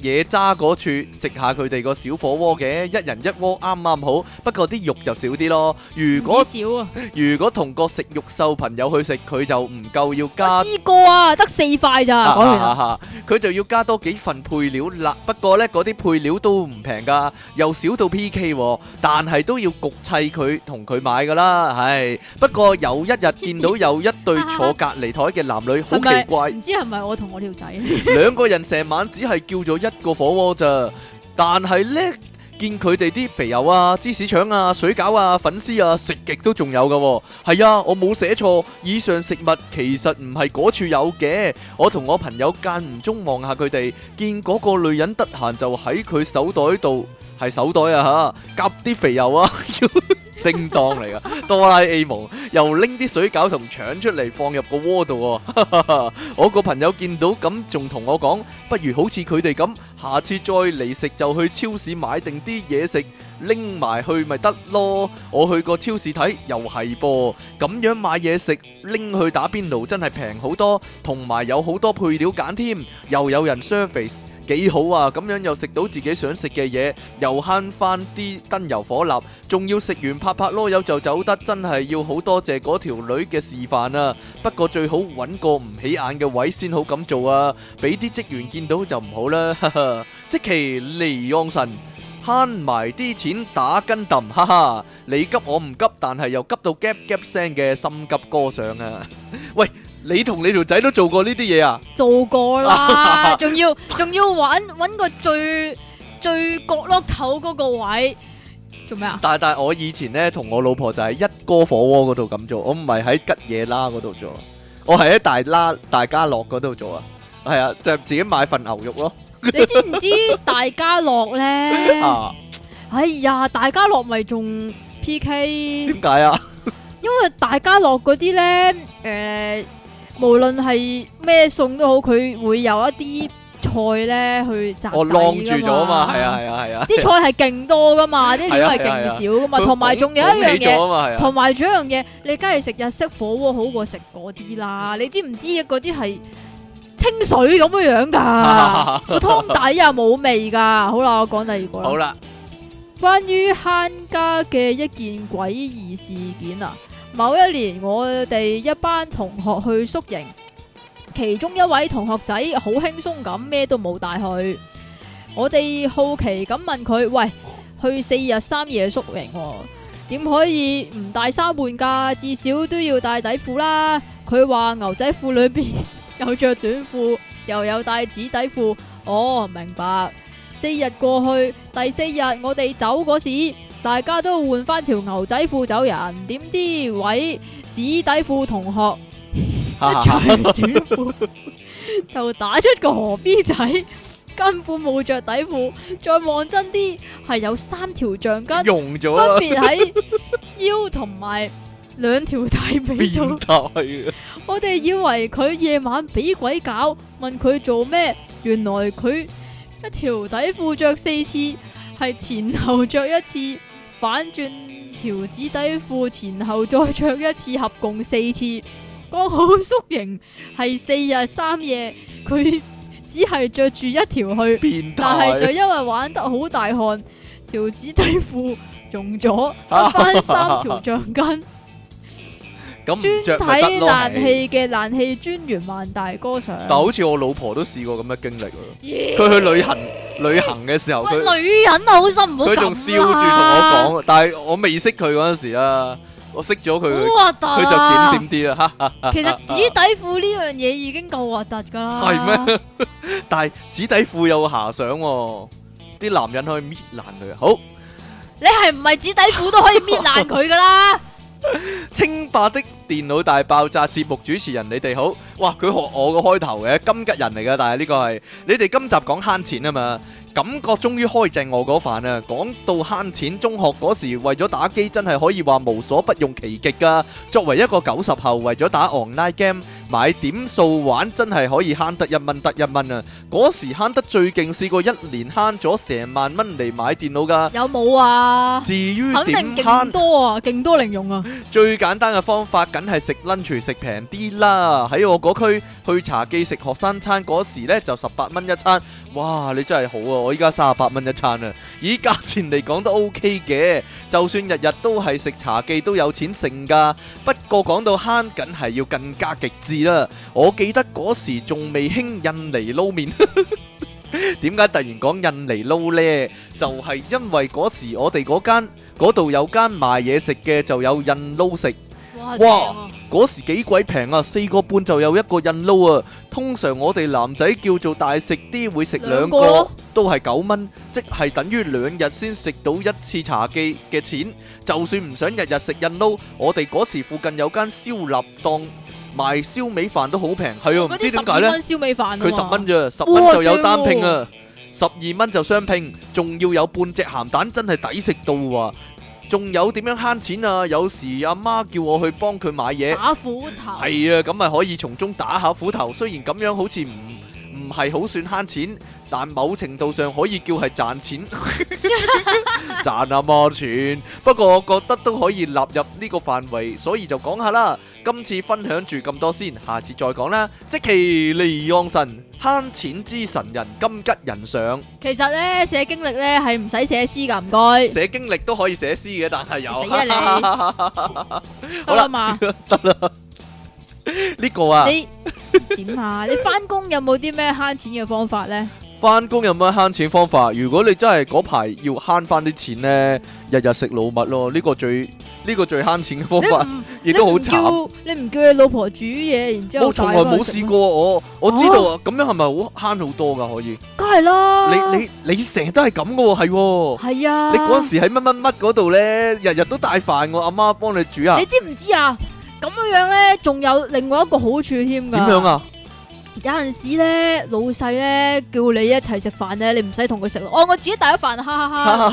嘢揸嗰處食下佢哋個小火鍋嘅，一人一鍋啱啱好？不過啲肉就少啲咯。如果少啊！如果同個食肉獸朋友去食，佢就唔夠要加。呢個啊，得四塊咋？佢就要加多幾份配料啦。不過咧，嗰啲配料都唔平噶，又少到 PK，但係都要焗砌佢同佢買噶啦。係，不過有一日見到有一對坐隔籬台嘅男女，好奇怪。唔知係咪我同我條仔？兩個人成晚只係叫咗一。一個火鍋咋？但係呢，見佢哋啲肥油啊、芝士腸啊、水餃啊、粉絲啊，食極、啊啊、都仲有噶。係啊，我冇寫錯，以上食物其實唔係嗰處有嘅。我同我朋友間唔中望下佢哋，見嗰個女人得閒就喺佢手袋度，係手袋啊吓，夾啲肥油啊。 (laughs) 叮噹嚟噶，哆啦 A 夢又拎啲水餃同腸出嚟放入個窩度。 (laughs) 我個朋友見到咁，仲同我講：不如好似佢哋咁，下次再嚟食就去超市買定啲嘢食，拎埋去咪得咯。我去個超市睇，又係噃，咁樣買嘢食拎去打邊爐真係平好多，同埋有好多配料揀添，又有人 service 幾好啊！咁樣又食到自己想食嘅嘢，又慳翻啲燈油火蠟，仲要食完拍拍囉柚就走得，真係要好多謝嗰條女嘅示範啊！不過最好揾個唔起眼嘅位先好咁做啊，俾啲職員見到就唔好啦。哈哈，積淇離岸神慳埋啲錢打根揼。哈哈！你急我唔急，但係又急到 gap gap 聲嘅心急歌上啊！喂！你同你條仔都做過呢啲嘢啊？做過啦，仲要仲要揾揾個最最角落頭嗰個位做咩啊？但但我以前咧同我老婆就喺一哥火鍋嗰度咁做，我唔係喺吉野啦嗰度做，我係喺大啦大家樂嗰度做啊，係啊，就自己買份牛肉咯。你知唔知大家樂咧？哎呀，大家樂咪仲 PK？點解啊？因為大家樂嗰啲咧，誒。無論係咩餸，都好，佢會有一啲菜咧去扎底噶嘛。哦，晾住咗啊嘛，係啊係啊係啊！啲菜係勁多噶嘛，啲料係勁少噶嘛。同埋仲有一樣嘢，同埋仲有一樣嘢，你梗係食日式火鍋好過食嗰啲啦。你知唔知嗰啲係清水咁樣樣噶？個湯底又冇味噶。好啦，我講第二個啦。好啦，關於慳家嘅一件詭異事件啊！某一年，我哋一班同學去宿營，其中一位同學仔好輕鬆咁咩都冇帶去。我哋好奇咁問佢：喂，去四日三夜宿營，哦，點可以唔帶衫換噶？至少都要帶底褲啦。佢話牛仔褲裏邊 (laughs) 有着短褲，又有帶紙底褲。我、哦、明白。四日過去，第四日我哋走嗰時。大家都換翻條牛仔褲走人，點知位紙底褲同學 (laughs) 一除短褲就打出個河 B 仔，根本冇着底褲。再望真啲，係有三條橡筋，分別喺腰同埋兩條大腿度。我哋以為佢夜晚俾鬼搞，問佢做咩，原來佢一條底褲着四次，係前後着一次。反轉條紙底褲，前後再着一次，合共四次，剛好縮形，係四日三夜。佢只係着住一條去，但係就因為玩得好大汗，條紙底褲溶咗，得返三條橡筋。 (laughs) 專睇爛戲嘅爛戲專員萬大哥上，但好似我老婆都試過咁嘅經歷咯。佢 Yeah 去旅行旅行嘅時候，佢喂他女人啊，好心唔好咁啦，佢仲笑住同我講，但係我未識佢嗰陣時啊，我識咗佢，好核突，佢就點點啲啦，哈哈哈哈，其實紙底褲呢樣嘢已經夠核突噶啦。係咩是嗎？ (laughs) 但係紙底褲有個遐想。哦，啲男人可以搣爛佢。好，你係唔係紙底褲都可以搣爛佢噶啦？ (laughs) (laughs) 清霸的電腦大爆炸節目主持人，你哋好！哇，佢學我個開頭嘅金吉人嚟㗎，但係呢個係你哋今集講慳錢啊嘛。感覺終於開正我嗰瓣啊！講到慳錢，中學嗰時為咗打機，真係可以話無所不用其極噶。作為一個九十後，為咗打 online game 買點數玩，真係可以慳得一蚊得一蚊啊！嗰時慳得最勁，試過一年慳咗成萬蚊嚟買電腦噶。有冇啊？至於點慳多啊？勁多零用啊！最簡單嘅方法，梗係食 lunch 食平啲啦。喺我嗰區去茶記食學生餐嗰時呢，就十八蚊一餐。哇！你真係好啊～我而家三十八蚊一餐啊！以價錢嚟講都 OK 嘅，就算日日都係食茶記都有錢剩㗎。不過講到慳，梗係要更加極致啦。我記得嗰時仲未興印尼撈麵，點解突然講印尼撈呢？就係因為嗰時我哋嗰間嗰度有間賣嘢食嘅就有印尼撈食。哇！嗰時幾鬼平啊！四個半就有一個印撈啊！通常我哋男仔叫做大食啲，會食兩個，都係九蚊，即係等於兩日先食到一次茶記嘅錢。就算唔想日日食印撈，我哋嗰時附近有間燒臘檔賣燒味飯都好平，係啊！唔知點解呢？佢十蚊啫，十蚊就有單拼啊，十二蚊就雙拼，仲要有半隻鹹蛋，真係抵食到啊！仲有點樣慳錢啊！有時阿媽叫我去幫佢買嘢，打斧頭，係啊，咁咪可以從中打下斧頭，雖然咁樣好似唔～唔係好算慳錢，但某程度上可以叫係賺錢，賺啊嘛錢。不過我覺得都可以納入呢個範圍，所以就講下啦。今次分享住咁多先，下次再講啦。積淇離岸神慳錢之神人金吉人上。其實呢寫經歷呢係唔使寫詩噶，唔該。寫經歷都可以寫詩嘅，但係有。死啊你！好啦嘛，得啦。呢個啊。點下？你翻工有冇啲咩慳錢嘅方法咧？翻工有乜慳錢方法？如果你真係嗰排要慳翻啲錢咧，日日食老麥咯，呢、這個最呢、這個最慳錢嘅方法不，亦都好慘。你唔叫你老婆煮嘢，然之後我從來冇試過我。我、啊、我知道啊，咁樣係咪好慳好多噶？可以？梗係啦。你你你成日都係咁噶？係、哦？係啊。你嗰時喺乜乜乜嗰度咧？日日都帶飯、哦，我阿媽幫你煮啊？你知唔知啊？咁樣樣咧，仲有另外一個好處添噶。點樣啊？有陣時咧，老細咧叫你一齊食飯咧，你唔使同佢食咯。我、哦、我自己帶咗飯，哈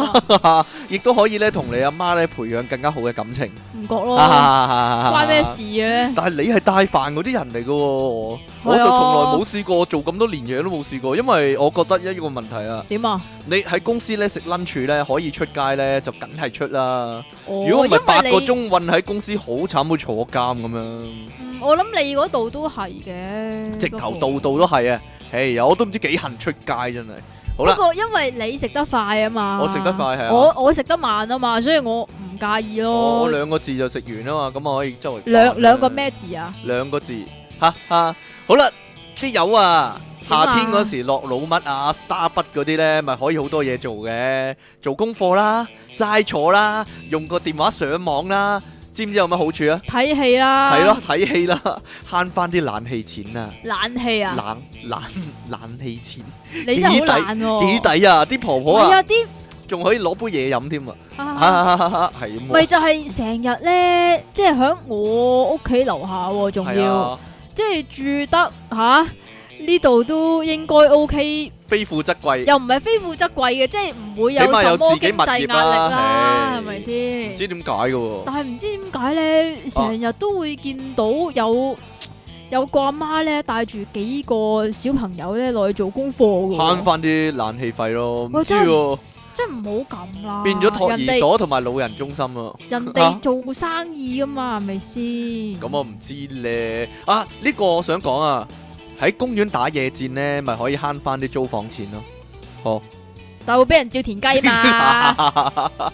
哈哈。亦都可以咧，同你阿媽咧培養更加好嘅感情。唔覺咯， (laughs) 關咩事嘅？但係你係帶飯嗰啲人嚟㗎、哦。我就從來冇試過做咁多年嘢都冇試過，因為我覺得一個問題啊。點啊？你喺公司咧食 lunch 咧可以出街咧，就梗係出啦。如果唔係八個鐘困喺公司，好慘，會坐監咁樣、嗯。我諗你嗰度都係嘅，直頭度度都係啊。唉呀，我都唔知幾恨出街真係。好啦，不過因為你食得快啊嘛，我食得快係、啊，我我食得慢啊嘛，所以我唔介意咯、哦。兩個字就食完啊嘛，咁啊可以周圍兩已兩個咩字啊？兩個字，嚇嚇。好啦，啲友啊，夏天嗰時落老乜啊，Starbuck 嗰啲咧，咪可以好多嘢做嘅，做功課啦，齋坐啦，用個電話上網啦，知唔知有乜好處啊？睇戲啦，係咯，睇戲啦，慳翻啲冷氣錢啊！冷氣啊，冷冷冷氣錢，你幾抵幾抵啊！啲婆婆啊，啲仲可以攞杯嘢飲添啊，係咪？咪就係成日咧，即係響我屋企樓下，仲要。即係住得嚇呢度都應該 OK，非富則貴又唔係非富則貴嘅，即係唔會有。起碼有自己物業壓力啦，係咪先？唔知點解嘅喎。但係唔知點解咧，成日都會見到有、啊、有個阿媽咧帶住幾個小朋友咧落去做功課嘅，慳翻啲冷氣費咯。唔知喎。即係唔好咁啦，變咗托兒所同埋老人中心啊！人哋做生意噶嘛，係咪先？咁我唔知咧。啊，呢個我想講啊，喺公園打野戰咧，咪可以慳翻啲租房錢咯。好。但會俾人照田雞嘛？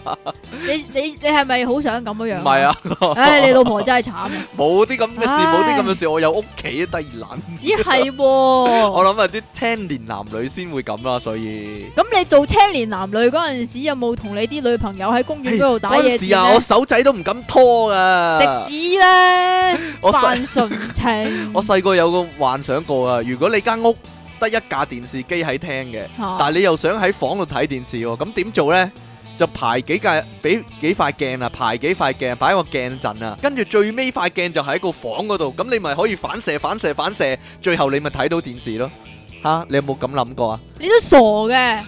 (laughs) 你你你係咪好想咁樣樣？唔係啊！唉是、啊 (laughs) 哎，你老婆真係慘。冇啲咁嘅事，冇啲咁嘅事，唉我有屋企都得二攬。 (laughs) 咦，係喎、哦！我諗啊，啲青年男女先會咁啦，所以，咁你做青年男女嗰陣時，有冇同你啲女朋友喺公園嗰度打野戰、哎、啊，我手仔都唔敢拖啊。食屎咧！扮我純情。 (laughs) 我細個有個幻想過啊，如果你間屋。得一架電視機喺廳嘅，但係你又想喺房度睇電視喎，咁點做呢？就排幾架，俾幾塊鏡啊，排幾塊鏡擺個鏡陣啊，跟住最尾塊鏡就喺個房嗰度，咁你咪可以反射、反射、反射，最後你咪睇到電視咯嚇。你有冇咁諗過啊？你都傻嘅，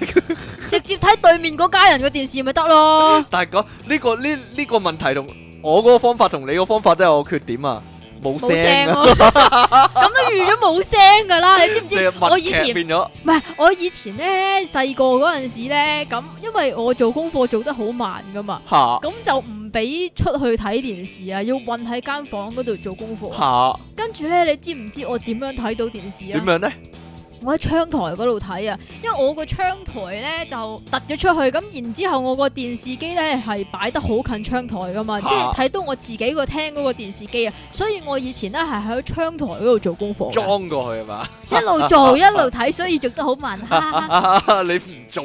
直接睇對面嗰家人嘅電視咪得咯。但係講呢個呢，呢個問題同我嗰個方法同你個方法都有缺點啊。冇聲，咁、啊、 (laughs) 都預咗冇聲噶啦， (laughs) 你知唔知我？我以前變咗，唔係我以前咧細個嗰陣時咧，咁因為我做功課做得好慢噶嘛，咁哈就唔俾出去睇電視啊，要困喺間房嗰度做功課。吓哈，跟住咧，你知唔知我點樣睇到電視啊？點樣咧？我喺窗台嗰度睇啊，因為我個窗台咧就突咗出去，咁然之後我個電視機咧係擺得好近窗台噶嘛，啊、即係睇到我自己個廳嗰個電視機啊，所以我以前咧係喺窗台嗰度做功課。裝過去啊嘛，一路做一路睇， (laughs) 所以做得好慢。哈哈 (laughs) 你唔做，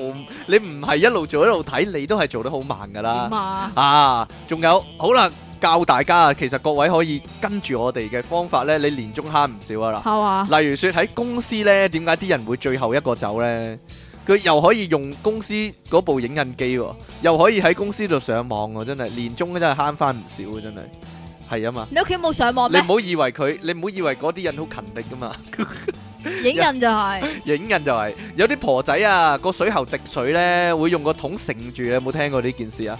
你唔係一路做一路睇，你都係做得好慢噶啦。嗎啊，仲有，好啦。教大家啊，其實各位可以跟住我哋嘅方法呢，你年終慳唔少啊啦！例如說喺公司呢，點解啲人會最後一個走呢？佢又可以用公司嗰部影印機喎，又可以喺公司度上網喎，真係年終真係慳返唔少啊！真係係啊嘛！你屋企冇上網咩？你唔好以為佢，你唔好以為嗰啲人好勤力噶嘛！影印就係影印就係，有啲婆仔啊，個水喉滴水呢，會用個桶盛住，你有冇聽過呢件事啊？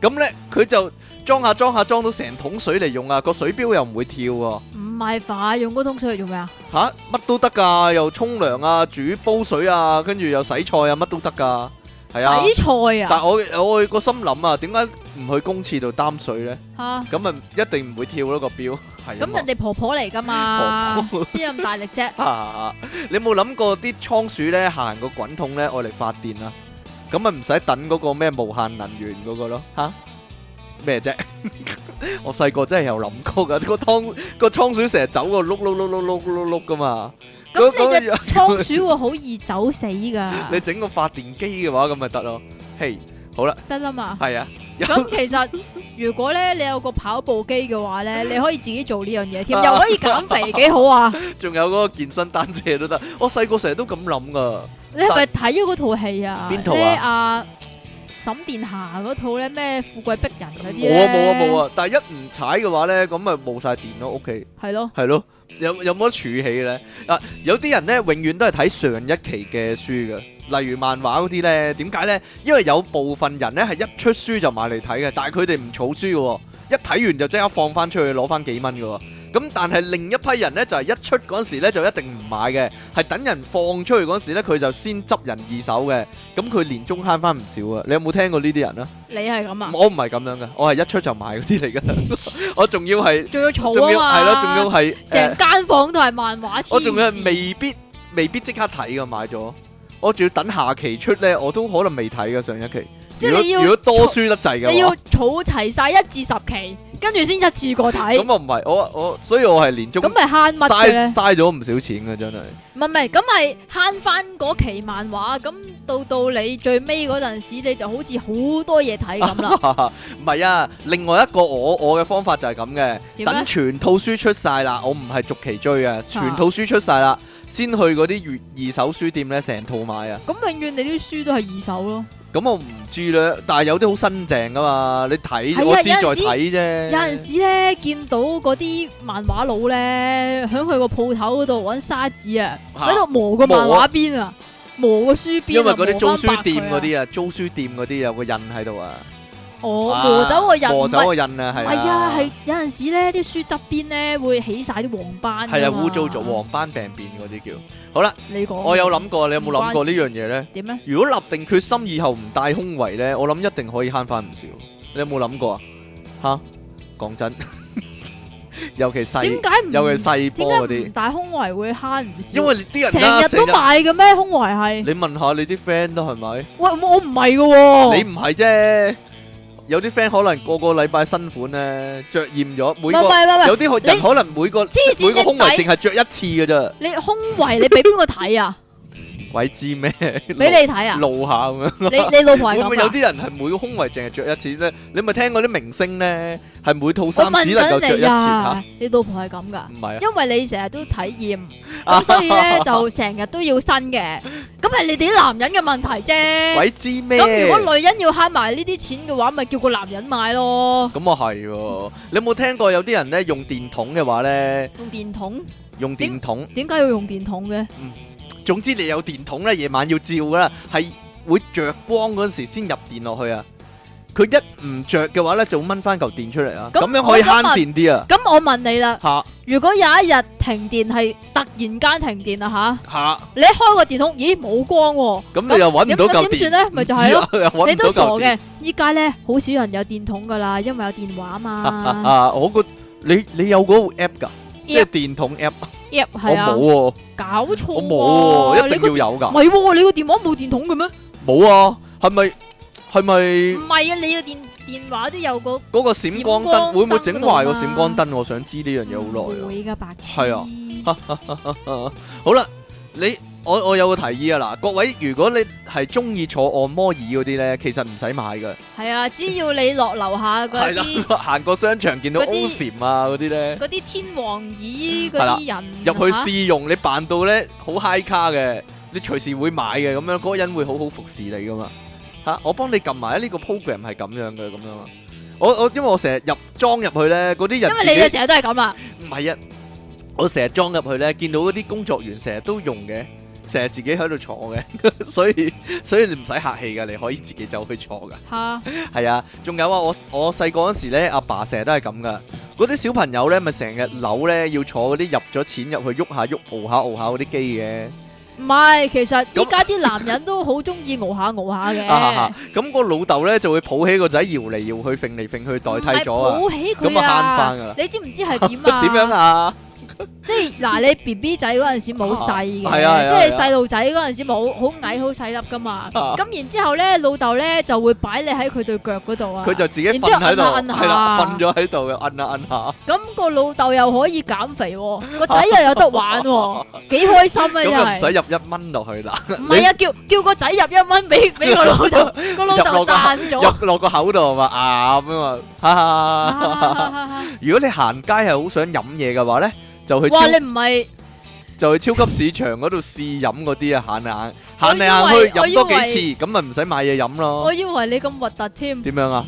咁咧，佢就裝下裝下，裝到成桶水嚟用啊，個水表又唔會跳喎。唔係快，用嗰桶水嚟做咩啊？吓，乜都得噶，又沖涼啊，煮煲水啊，跟住又洗菜啊，乜都得噶。洗菜啊！但係我我個心諗啊，點解唔去公廁度擔水咧？吓，咁咪一定唔會跳咯個表。係。咁人哋婆婆嚟噶嘛婆婆邊有咁大力啫？吓，你有冇諗過啲倉鼠咧行個滾筒咧，用嚟發電啊？咁咪唔使等嗰個咩無限能源嗰個咯，吓咩啫？我細個真係有諗過噶，個倉個倉鼠成日走個碌碌碌碌碌碌碌噶嘛。咁你隻倉鼠會好易走死噶。你整個發電機嘅話，咁咪得咯。嘿，好啦，得啦嘛？係啊。咁其實如果咧你有個跑步機嘅話咧，你可以自己做呢樣嘢添，又可以減肥，幾好啊！仲有嗰個健身單車都得。我細個成日都咁諗噶。你係咪睇咗嗰套戲啊？邊套啊？沈殿霞嗰套咧，咩富貴逼人嗰啲咧？冇啊冇啊冇啊！但係一唔踩嘅話咧，咁咪冇晒電咯，屋企。係咯係咯，有有冇得儲起咧？啊，有啲人咧永遠都係睇上一期嘅書嘅，例如漫畫嗰啲咧，點解咧？因為有部分人咧係一出書就買嚟睇嘅，但係佢哋唔儲書嘅。一睇完就即刻放翻出去攞翻幾蚊嘅喎，咁但係另一批人咧就係一出嗰時咧就一定唔買嘅，係等人放出去嗰時咧佢就先執人二手嘅，咁佢年終慳翻唔少啊！你有冇聽過呢啲人啊？你係咁啊？我唔係咁樣嘅，我係一出就買嗰啲嚟嘅，我仲要係仲要儲啊嘛，係咯，仲要係成間房都係漫畫。我仲要未必未必即刻睇嘅，買咗我仲要等下期出咧，我都可能未睇嘅上一期。即係你要如果多輸得滯嘅話，你要儲齊晒一至十期，跟住先一次過睇。咁又唔係，我我所以我係連續咁咪慳乜嘅咧？嘥咗唔少錢嘅真係。唔係唔係，咁咪慳翻嗰期漫畫。咁到到你最尾嗰陣時，你就好似好多嘢睇咁啦。唔係啊，另外一個我我嘅方法就係咁嘅。等全套書出晒啦，我唔係逐期追啊，全套書出晒啦。 (laughs) 先去嗰啲粵二手書店咧，成套買啊！咁永遠你啲書都係二手咯。咁我唔知咧，但係有啲好新淨噶嘛，你睇、啊、我先再睇啫。有陣時咧，見到嗰啲漫畫佬咧，喺佢個鋪頭嗰度揾砂紙啊，喺度麼磨個漫畫邊啊，磨個過書邊。因為嗰啲租書店嗰啲啊，租書店嗰啲有個印喺度啊。我磨走個印，磨走個印啊，係啊，係有陣時咧，啲書側邊咧會起晒啲黃斑，係啊，烏糟糟黃斑病變嗰啲叫。好啦，你講，我有諗過，你有冇諗過呢樣嘢咧？點咧？如果立定決心以後唔戴胸圍咧，我諗一定可以慳翻唔少。你有冇諗過啊？吓，講真，尤其細，點解唔？尤其細波嗰啲戴胸圍會慳唔少，因為啲人成日都買嘅咩胸圍係。你問下你啲 friend 都係咪？喂，我唔係嘅，你唔係啫。有啲 friend 可能個個禮拜新款咧着厭咗，每個不不不不有啲人可能每個你即每個胸圍淨係着一次㗎咋。你胸圍 (laughs) 你俾邊個睇啊？鬼知咩？俾你睇啊！露下咁樣。你你老婆咁。會唔會有啲人係每個胸圍淨係着一次咧？你咪聽過啲明星咧，係每套衫只能夠着一次。吓，你老婆係咁噶？唔係。因為你成日都睇厭，咁所以咧就成日都要新嘅。咁係你哋啲男人嘅問題啫。鬼知咩？咁如果女人要慳埋呢啲錢嘅話，咪叫個男人買咯。咁啊係。你有冇聽過有啲人咧用電筒嘅話咧？用電筒。用電筒。點解要用電筒嘅？總之你有電筒咧，夜晚要照噶啦，係會着光嗰時先入電落去啊。佢一唔着嘅話咧，就掹翻嚿電出嚟啊。咁那樣可以慳電啲啊。咁我，我問你啦，啊、如果有一日停電，係突然間停電啊，吓、啊，你一開個電筒，咦冇光喎、啊。咁你又搵唔到嚿電？咁點算咧？咪就係咯。你都傻嘅。依家咧好少人有電筒噶啦，因為有電話嘛啊嘛、啊。啊，我、那個你你有嗰個 app 噶？即係電筒 app，我冇喎，搞錯，我冇喎，一定要有㗎，唔係喎，你個電話冇電筒嘅咩？冇啊，係咪係咪？唔係啊，你個電電話都有個嗰個閃光燈，會唔會整壞個閃光燈？我想知呢樣嘢好耐啊，會噶白痴，係啊，好啦，你。我我有個提議啊，嗱，各位如果你係中意坐按摩椅嗰啲咧，其實唔使買噶。係啊，只要你落樓下嗰啲行過商場見到 OSIM 啊嗰啲咧，嗰啲天王椅嗰啲人入去試用，你扮到咧好 high 卡嘅，你隨時會買嘅，咁樣嗰個人會好好服侍你噶嘛？吓，我幫你撳埋啊，呢個 program 係咁樣嘅，咁樣啊。我我因為我成日入裝入去咧，嗰啲人因為你哋成日都係咁啊。唔係啊，我成日裝入去咧，見到嗰啲工作員成日都用嘅。成日自己喺度坐嘅， (laughs) 所以所以你唔使客氣噶，你可以自己走去坐噶。嚇， (laughs) 係啊，仲有啊，我我細個嗰時咧，阿爸成日都係咁噶。嗰啲小朋友咧，咪成日扭咧，要坐嗰啲入咗錢入去喐下喐，熬下熬下嗰啲機嘅。唔係，其實而家啲男人都好中意熬下熬下嘅。咁、 (laughs) 啊啊啊個老豆咧就會抱起個仔搖嚟搖去，揈嚟揈去代替咗啊。咁啊，慳翻㗎啦！你知唔知係點啊？點樣啊？ (laughs) 即係嗱，你 B B 仔嗰陣時冇細嘅，即係你細路仔嗰陣時冇好矮，好細粒噶嘛。咁然之後咧，老豆咧就會擺你喺佢對腳嗰度啊。佢就自己瞓喺度，係啦，瞓咗喺度又摁下摁下。咁個老豆又可以減肥，個仔又有得玩，幾開心啊！又唔使入一蚊落去啦。唔係啊，叫叫個仔入一蚊俾俾個老豆，個老豆賺咗。入落個口度啊嘛，岩啊嘛。如果你行街係好想飲嘢嘅話咧。就去，話你唔係就去超級市場嗰度試飲嗰啲啊，行嚟行，行嚟行去飲多幾次，咁咪唔使買嘢飲咯。我以為你咁核突添。點樣啊？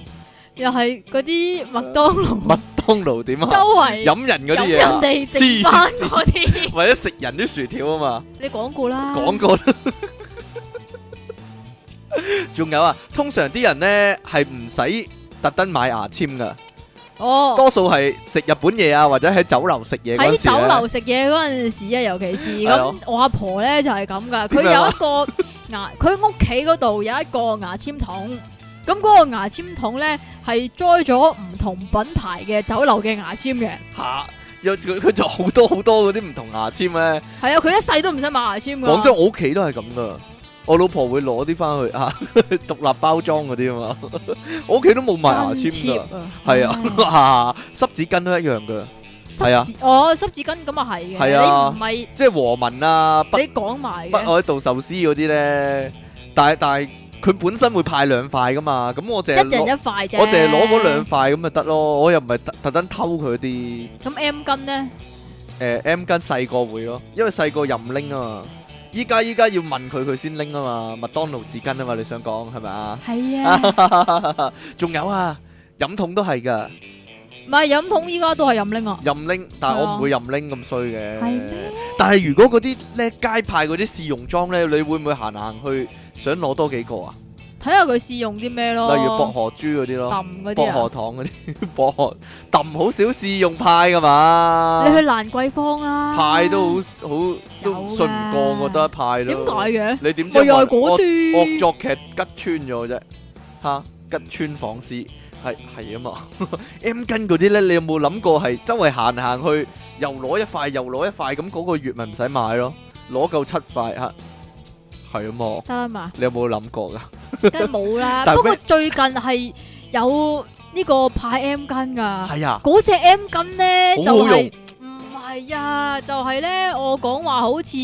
又係嗰啲麥當勞。麥當勞點啊？周圍飲人嗰啲嘢，人哋剩翻嗰啲。或者食人啲薯條啊嘛？你講過啦。講過啦。仲有啊，通常啲人咧係唔使特登買牙籤噶。哦，oh, 多數係食日本嘢啊，或者喺酒樓食嘢。喺酒樓食嘢嗰陣時啊，尤其是咁，是的我阿婆咧就係咁噶。佢有一個牙，佢屋企嗰度有一個牙籤筒。咁嗰個牙籤筒咧係裝咗唔同品牌嘅酒樓嘅牙籤嘅。嚇、啊！有佢就好多好多嗰啲唔同牙籤咧。係啊， (laughs) 佢一世都唔使買牙籤嘅。廣我屋企都係咁噶。我老婆會攞啲翻去啊，獨立包裝嗰啲啊嘛，我屋企都冇買牙籤噶，係啊，吓濕紙巾都一樣噶，係啊，哦濕紙巾咁啊係嘅，你唔係即係和文啊，你講埋北海道壽司嗰啲咧，但係但係佢本身會派兩塊噶嘛，咁我淨係一淨係一塊，我淨係攞嗰兩塊咁咪得咯，我又唔係特特登偷佢啲，咁 M 巾咧？誒，M 巾細個會咯，因為細個任拎啊嘛。依家依家要問佢佢先拎啊嘛，麥當勞紙巾啊嘛，你想講係咪啊？係啊，仲是的 (laughs) 有啊，飲桶都係噶，唔係，飲桶依家都係任拎啊，任拎，但係我唔會任拎咁衰嘅。係咩的？但係如果嗰啲咧街派嗰啲試用裝咧，你會唔會行行去想攞多幾個啊？睇下佢試用啲咩咯，例如薄荷珠嗰啲咯，氹嗰啲啊，薄荷糖嗰啲，薄荷氹好少試用派噶嘛？你去蘭桂坊啊？派都好好都信唔過，我覺得派咯。點解嘅？你點知外果斷惡作劇吉穿咗啫？吓吉穿仿絲係係啊嘛？M 巾嗰啲咧，你有冇諗過係周圍行行去又攞一塊又攞一塊咁嗰個月咪唔使買咯，攞夠七塊吓。係啊嘛，得嘛？嗎你有冇諗過噶？梗係冇啦， (laughs) 但 不過最近係有呢個派 M 巾噶，係啊，嗰隻 M 巾咧就係唔係啊，就係、是、咧我講話好似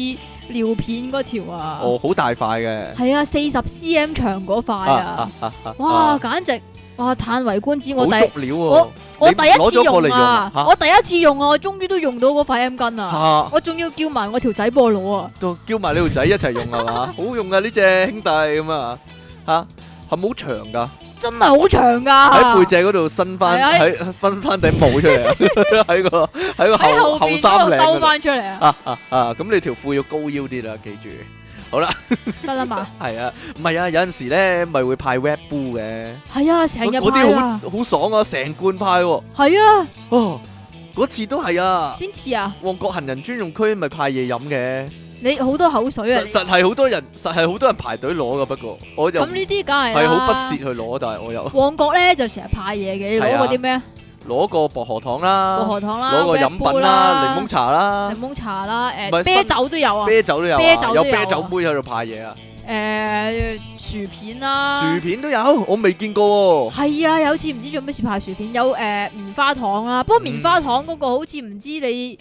尿片嗰條啊，哦，好大塊嘅，係啊，四十 cm 長嗰塊啊，啊啊啊哇，簡直～哇！嘆為觀止，我第、啊、我我第,、啊啊啊、我第一次用啊，我第一次用啊，我終於都用到嗰塊 M 巾啊，我仲要叫埋我條仔過嚟用，叫埋你條仔一齊用啊！嘛？好用啊，呢隻兄弟咁啊，吓係咪好長噶，真係好長噶、啊，喺背脊嗰度伸翻喺伸翻頂部出嚟，喺 (laughs) 個喺個後後,面後三兜翻出嚟啊啊啊！咁、啊啊啊啊、你條褲要高腰啲啦，記住。好啦 (laughs) 嗎，得啦嘛，係啊，唔係啊，有陣時咧咪會派 Red Bull 嘅。係啊，成日嗰啲好好爽啊，成罐派喎，係啊，啊哦，嗰次都係啊，邊次啊？旺角行人專用區咪派嘢飲嘅。你好多口水啊，實係好多人，實係好多人排隊攞噶，不過我就……咁呢啲梗係係好不屑去攞，但係我又旺角咧就成日派嘢嘅，攞過啲咩啊？攞個薄荷糖啦，攞個飲品啦，檸檬茶啦，檸檬茶啦，誒，啤酒都有啊，啤酒都有，有啤酒妹喺度派嘢啊，誒，薯片啦，薯片都有，我未見過喎，係啊，有次唔知做咩事派薯片，有誒棉花糖啦，不過棉花糖嗰個好似唔知你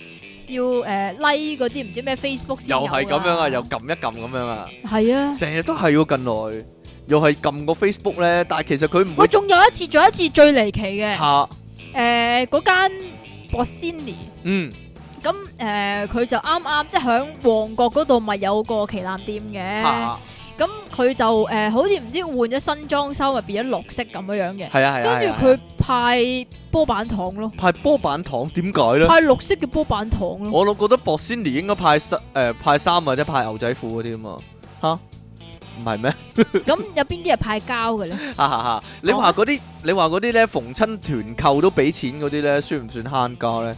要誒 like 嗰啲唔知咩 Facebook 先，又係咁樣啊，又撳一撳咁樣啊，係啊，成日都係要咁耐，又係撳個 Facebook 咧，但係其實佢唔，我仲有一次，仲一次最離奇嘅。誒嗰間、呃、Bosini，嗯，咁誒佢就啱啱即係響旺角嗰度咪有個旗艦店嘅，咁佢、啊嗯、就誒、呃、好似唔知換咗新裝修，咪變咗綠色咁樣樣嘅，係啊，跟住佢派波板糖咯，派波板糖點解咧？派綠色嘅波板糖咯，我都覺得 Bosini 應該派衫誒、呃、派衫或者派牛仔褲嗰啲啊嘛，嚇、啊。唔係咩？咁 (laughs) 有邊啲係派膠嘅咧？哈哈哈！Oh. 你話嗰啲，你話嗰啲咧，逢親團購都俾錢嗰啲咧，算唔算慳家咧？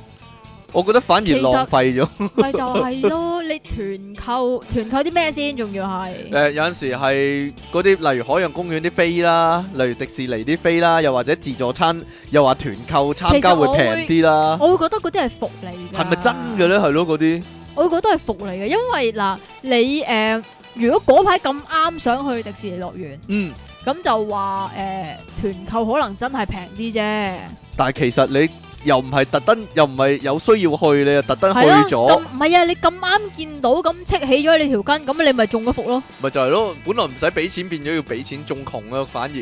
我覺得反而浪費咗實。咪 (laughs) 就係咯，你團購團購啲咩先？仲要係誒、呃，有陣時係嗰啲，例如海洋公園啲飛啦，例如迪士尼啲飛啦，又或者自助餐，又話團購參加會平啲啦我。我會覺得嗰啲係福利。係咪真嘅咧？係咯，嗰啲。嗯、我會覺得係福利嘅，因為嗱，你誒。嗯你嗯嗯如果嗰排咁啱想去迪士尼樂園，嗯，咁就話誒團購可能真係平啲啫。但係其實你又唔係特登，又唔係有需要去，你就特登去咗。唔係啊，你咁啱見到咁戚起咗你條筋，咁你咪中咗伏咯。咪就係咯，本來唔使俾錢，變咗要俾錢，仲窮囉反而。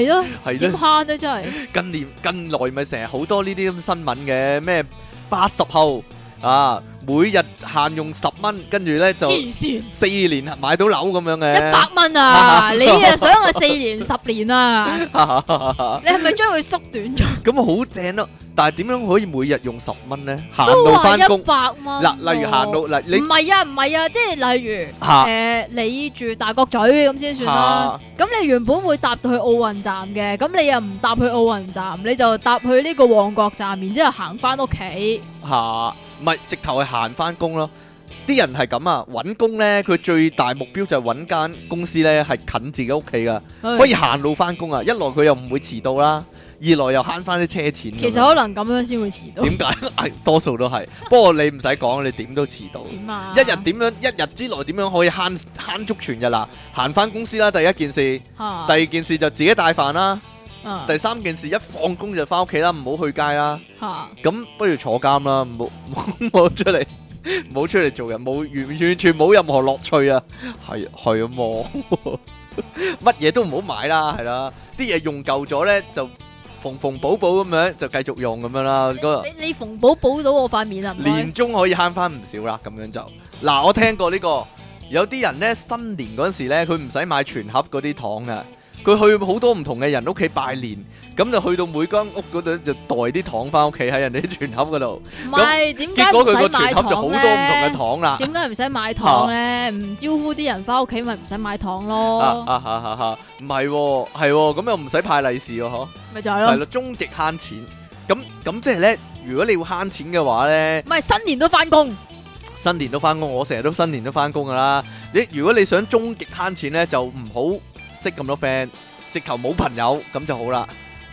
係啊，係啦，慳啊真係。近年近來咪成日好多呢啲咁新聞嘅咩八十後啊。每日限用十蚊，跟住咧就黐線四年買到樓咁樣嘅一百蚊啊！你又想我四年十年啊？你係咪將佢縮短咗？咁啊好正咯！但係點樣可以每日用十蚊咧？行路翻工，都係一百蚊。嗱，例如行路嗱，唔係啊，唔係啊，即係例如誒，你住大角咀咁先算啦。咁你原本會搭到去奧運站嘅，咁你又唔搭去奧運站，你就搭去呢個旺角站，然之後行翻屋企。吓！唔係，直頭係行翻工咯。啲人係咁啊，揾工呢，佢最大目標就係揾間公司呢，係近自己屋企噶，的可以行路翻工啊。一來佢又唔會遲到啦，二來又慳翻啲車錢。其實可能咁樣先會遲到。點解什？ (laughs) 多數都係。 (laughs) 不過你唔使講，你點都遲到。啊、一日點樣？一日之內點樣可以慳慳足全日啦、啊？行翻公司啦，第一件事。第二件事就自己帶飯啦。第三件事，一放工就翻屋企啦，唔好去街啦！咁不如坐監啦，唔好唔好出嚟，唔好出嚟做人，冇完完全冇任何樂趣啊！系係啊，冇乜嘢都唔好買啦，係啦，啲嘢用夠咗咧就縫縫補補咁樣就繼續用咁樣啦。嗰你你縫補補到我塊面啊？年終可以慳翻唔少啦，咁樣就嗱，我聽過呢個，有啲人咧新年嗰時咧，佢唔使買全盒嗰啲糖㗎。佢去好多唔同嘅人屋企拜年，咁就去到每間屋嗰度就袋啲糖翻屋企，喺人哋嘅全盒嗰度。唔係，點解佢個全盒就好多唔同嘅糖啦。點解唔使買糖咧？唔、啊、招呼啲人翻屋企，咪唔使買糖咯。啊哈哈哈！唔、啊、係，係、啊、咁、啊啊啊、又唔使派利、啊、是喎，咪就係咯。係咯，終極慳錢。咁咁即係咧，如果你要慳錢嘅話咧，唔係新年都翻工，新年都翻工，我成日都新年都翻工噶啦。你如果你想終極慳錢咧，就唔好。識咁多 friend，直頭冇朋友咁就好啦。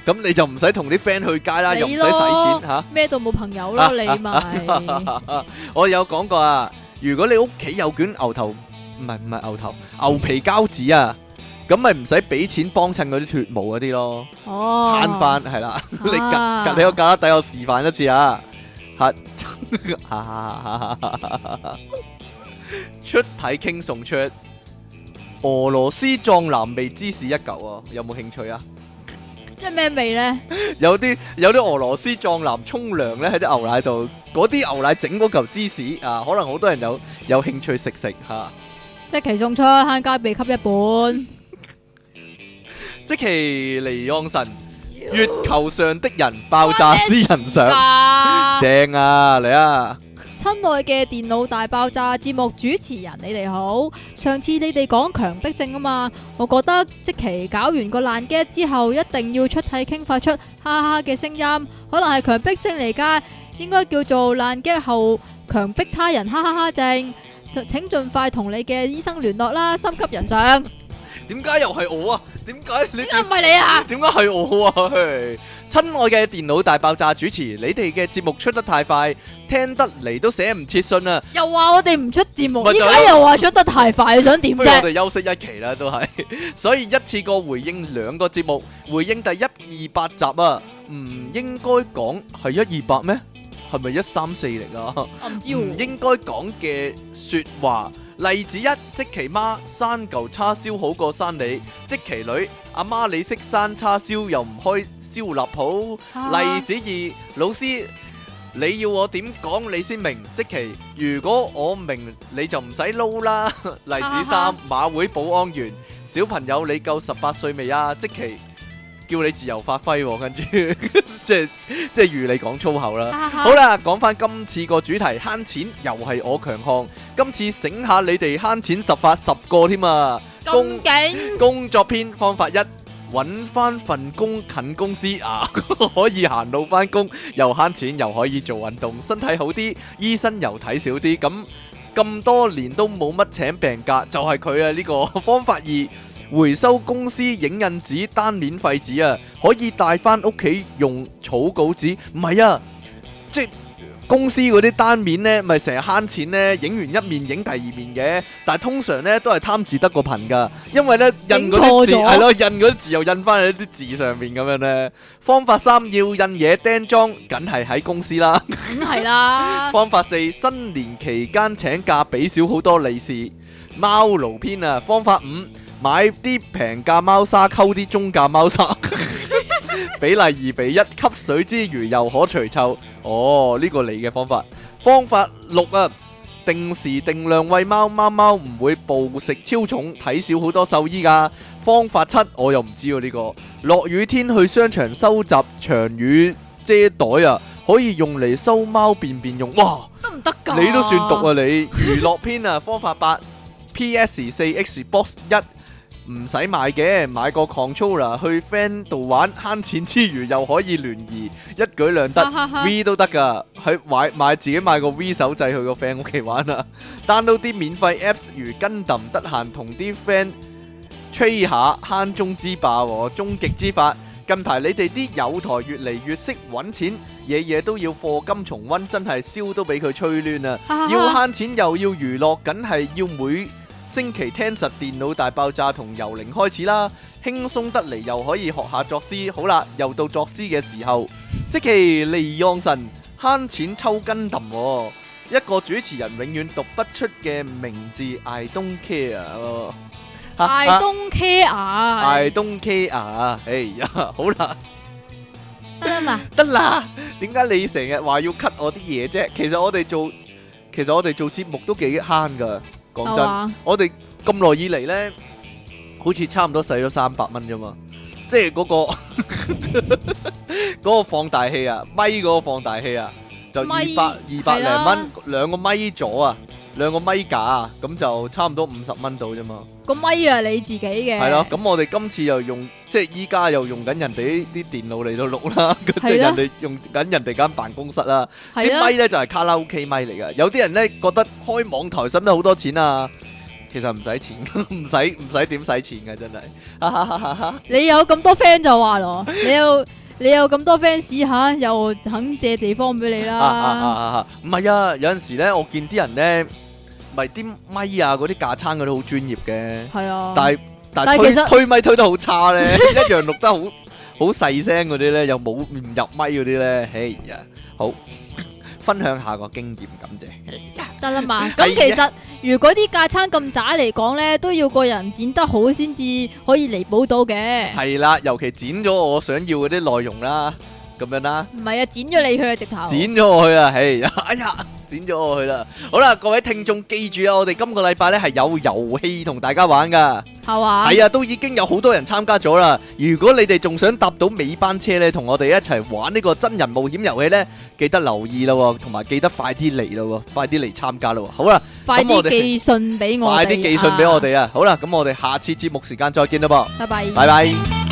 咁你就唔使同啲 friend 去街啦，又唔使使錢吓，咩都冇朋友咯。你咪，我有講過啊。如果你屋企有卷牛頭，唔係唔係牛頭，牛皮膠紙啊，咁咪唔使俾錢幫襯嗰啲脫毛嗰啲咯。慳翻係啦，你隔隔你個架底我示範一次啊，吓，哈出體傾送出。俄羅斯壯男味芝士一嚿啊，有冇興趣啊？即係咩味呢？ (laughs) 有啲有啲俄羅斯壯男沖涼咧喺啲牛奶度，嗰啲牛奶整嗰嚿芝士啊，可能好多人有有興趣食食吓。啊、積淇送出慳家秘笈一本。 (laughs) 積淇離岸神，You. 月球上的人爆炸私人相，啊啊 (laughs) 正啊嚟啊！親愛嘅電腦大爆炸節目主持人，你哋好！上次你哋講強迫症啊嘛，我覺得積淇搞完個爛 gag 之後，一定要出體 king 發出哈哈嘅聲音，可能係強迫症嚟㗎，應該叫做爛 gag 後強迫他人哈哈哈症，就請盡快同你嘅醫生聯絡啦，心急人上。點解又係我啊？點解你？點解唔係你啊？點解係我啊？親愛嘅電腦大爆炸主持，你哋嘅節目出得太快，聽得嚟都寫唔切信啊！又話我哋唔出節目，依家又話出得太快，你想點啫？我哋休息一期啦，都係所以一次過回應兩個節目，回應第一二八集啊，唔應該講係一二八咩？係咪一三四嚟啊？唔知唔應該講嘅說話。例子一，積淇媽生嚿叉燒好過生你；積淇女，阿媽，媽你識生叉燒又唔開燒臘鋪。例子二，老師你要我點講你先明，積淇如果我明你就唔使撈啦。 (laughs) 例子三，馬會保安員，小朋友你夠十八歲未啊？積淇。叫你自由發揮，跟住即係即係如你講粗口啦。好啦，講翻今次個主題，慳錢又係我強項。今次醒下你哋慳錢十法十個添啊！工景工作篇，方法一，揾翻份工近公司啊，可以行路翻工，又慳錢又可以做運動，身體好啲，醫生又睇少啲。咁咁多年都冇乜請病假，就係佢啊！呢個方法二。回收公司影印紙單面廢紙啊，可以帶翻屋企用草稿紙。唔係啊，即係公司嗰啲單面呢，咪成日慳錢呢，影完一面影第二面嘅。但係通常咧都係貪字得過貧得個貧噶，因為呢印嗰啲字係咯，印嗰啲字又印翻喺啲字上面咁樣呢。方法三要印嘢釘裝，梗係喺公司啦，梗係啦。方法四新年期間請假俾少好多利是。貓奴篇啊，方法五。買啲平價貓砂，溝啲中價貓砂，比例二比一，吸水之餘又可除臭。哦，呢個你嘅方法。方法六啊，定時定量喂貓貓貓，唔會暴食超重，睇少好多獸醫噶。方法七，我又唔知喎，呢個。落雨天去商場收集長雨遮袋啊，可以用嚟收貓便便用。哇，得唔得噶？你都算毒啊你。娛樂篇啊，方法八，PS4 Xbox One。唔使買嘅，買個 controller 去 friend 度玩，慳錢之餘又可以聯誼，一舉兩得，V 都得噶。去買買自己買個 V 手掣去個 friend 屋企玩啊。download 啲免費 apps，如跟氹，得閒同啲 friend 吹下，慳中之霸，終極之法。近排你哋啲友台越嚟越識搵錢，夜夜都要課金重溫，真係燒都俾佢吹亂啊！要慳錢又要娛樂，梗係要每。星期聽實電腦大爆炸同由零開始啦，輕鬆得嚟又可以學下作詩，好啦，又到作詩嘅時候，積淇離岸神，慳錢抽筋氹喎，一個主持人永遠讀不出嘅名字，I don't care，I don't care，I don't care，哦、哎呀， (laughs) 好啦， (laughs) 得嘛，得啦，點解你成日話要 cut 我啲嘢啫？其實我哋做，其實我哋做節目都幾慳噶。講真， (music) 我哋咁耐以嚟咧，好似差唔多使咗三百蚊啫嘛，即係嗰個嗰 (laughs) 個放大器啊，咪嗰個放大器啊，就二百二百零蚊，兩的個咪咗啊。兩個咪架啊，咁就差唔多五十蚊到啫嘛。個咪啊，你自己嘅。係咯，咁我哋今次又用，即係依家又用緊人哋啲電腦嚟到錄啦，即係人哋用緊人哋間辦公室啦。啲咪咧就係卡拉 OK 咪嚟噶。有啲人咧覺得開網台使唔使好多錢啊？其實唔使錢，唔使唔使點使錢嘅真係。你有咁多 friend 就話咯，你有你有咁多 fans 吓，又肯借地方俾你啦。唔係啊，有陣時咧，我見啲人咧。咪啲咪啊，嗰啲架撐嗰啲好專業嘅，係啊，但係但係其實推咪推得好差咧，一樣錄得好好細聲嗰啲咧，又冇唔入咪嗰啲咧，哎呀，好分享下個經驗，感謝得啦嘛。咁其實如果啲架撐咁渣嚟講咧，都要個人剪得好先至可以彌補到嘅。係啦，尤其剪咗我想要嗰啲內容啦。咁樣啦，唔係啊，剪咗你去啊直頭，剪咗我去啊，係，哎呀，剪咗我去啦，好啦，各位聽眾記住啊，我哋今個禮拜呢係有遊戲同大家玩噶，係嘛？係啊，都已經有好多人參加咗啦。如果你哋仲想搭到尾班車呢，同我哋一齊玩呢個真人冒險遊戲呢，記得留意咯，同埋記得快啲嚟咯，快啲嚟參加咯，好啦，快啲寄信俾我，快啲寄信俾我哋啊，好啦，咁我哋下次節目時間再見啦噃，拜拜，拜拜。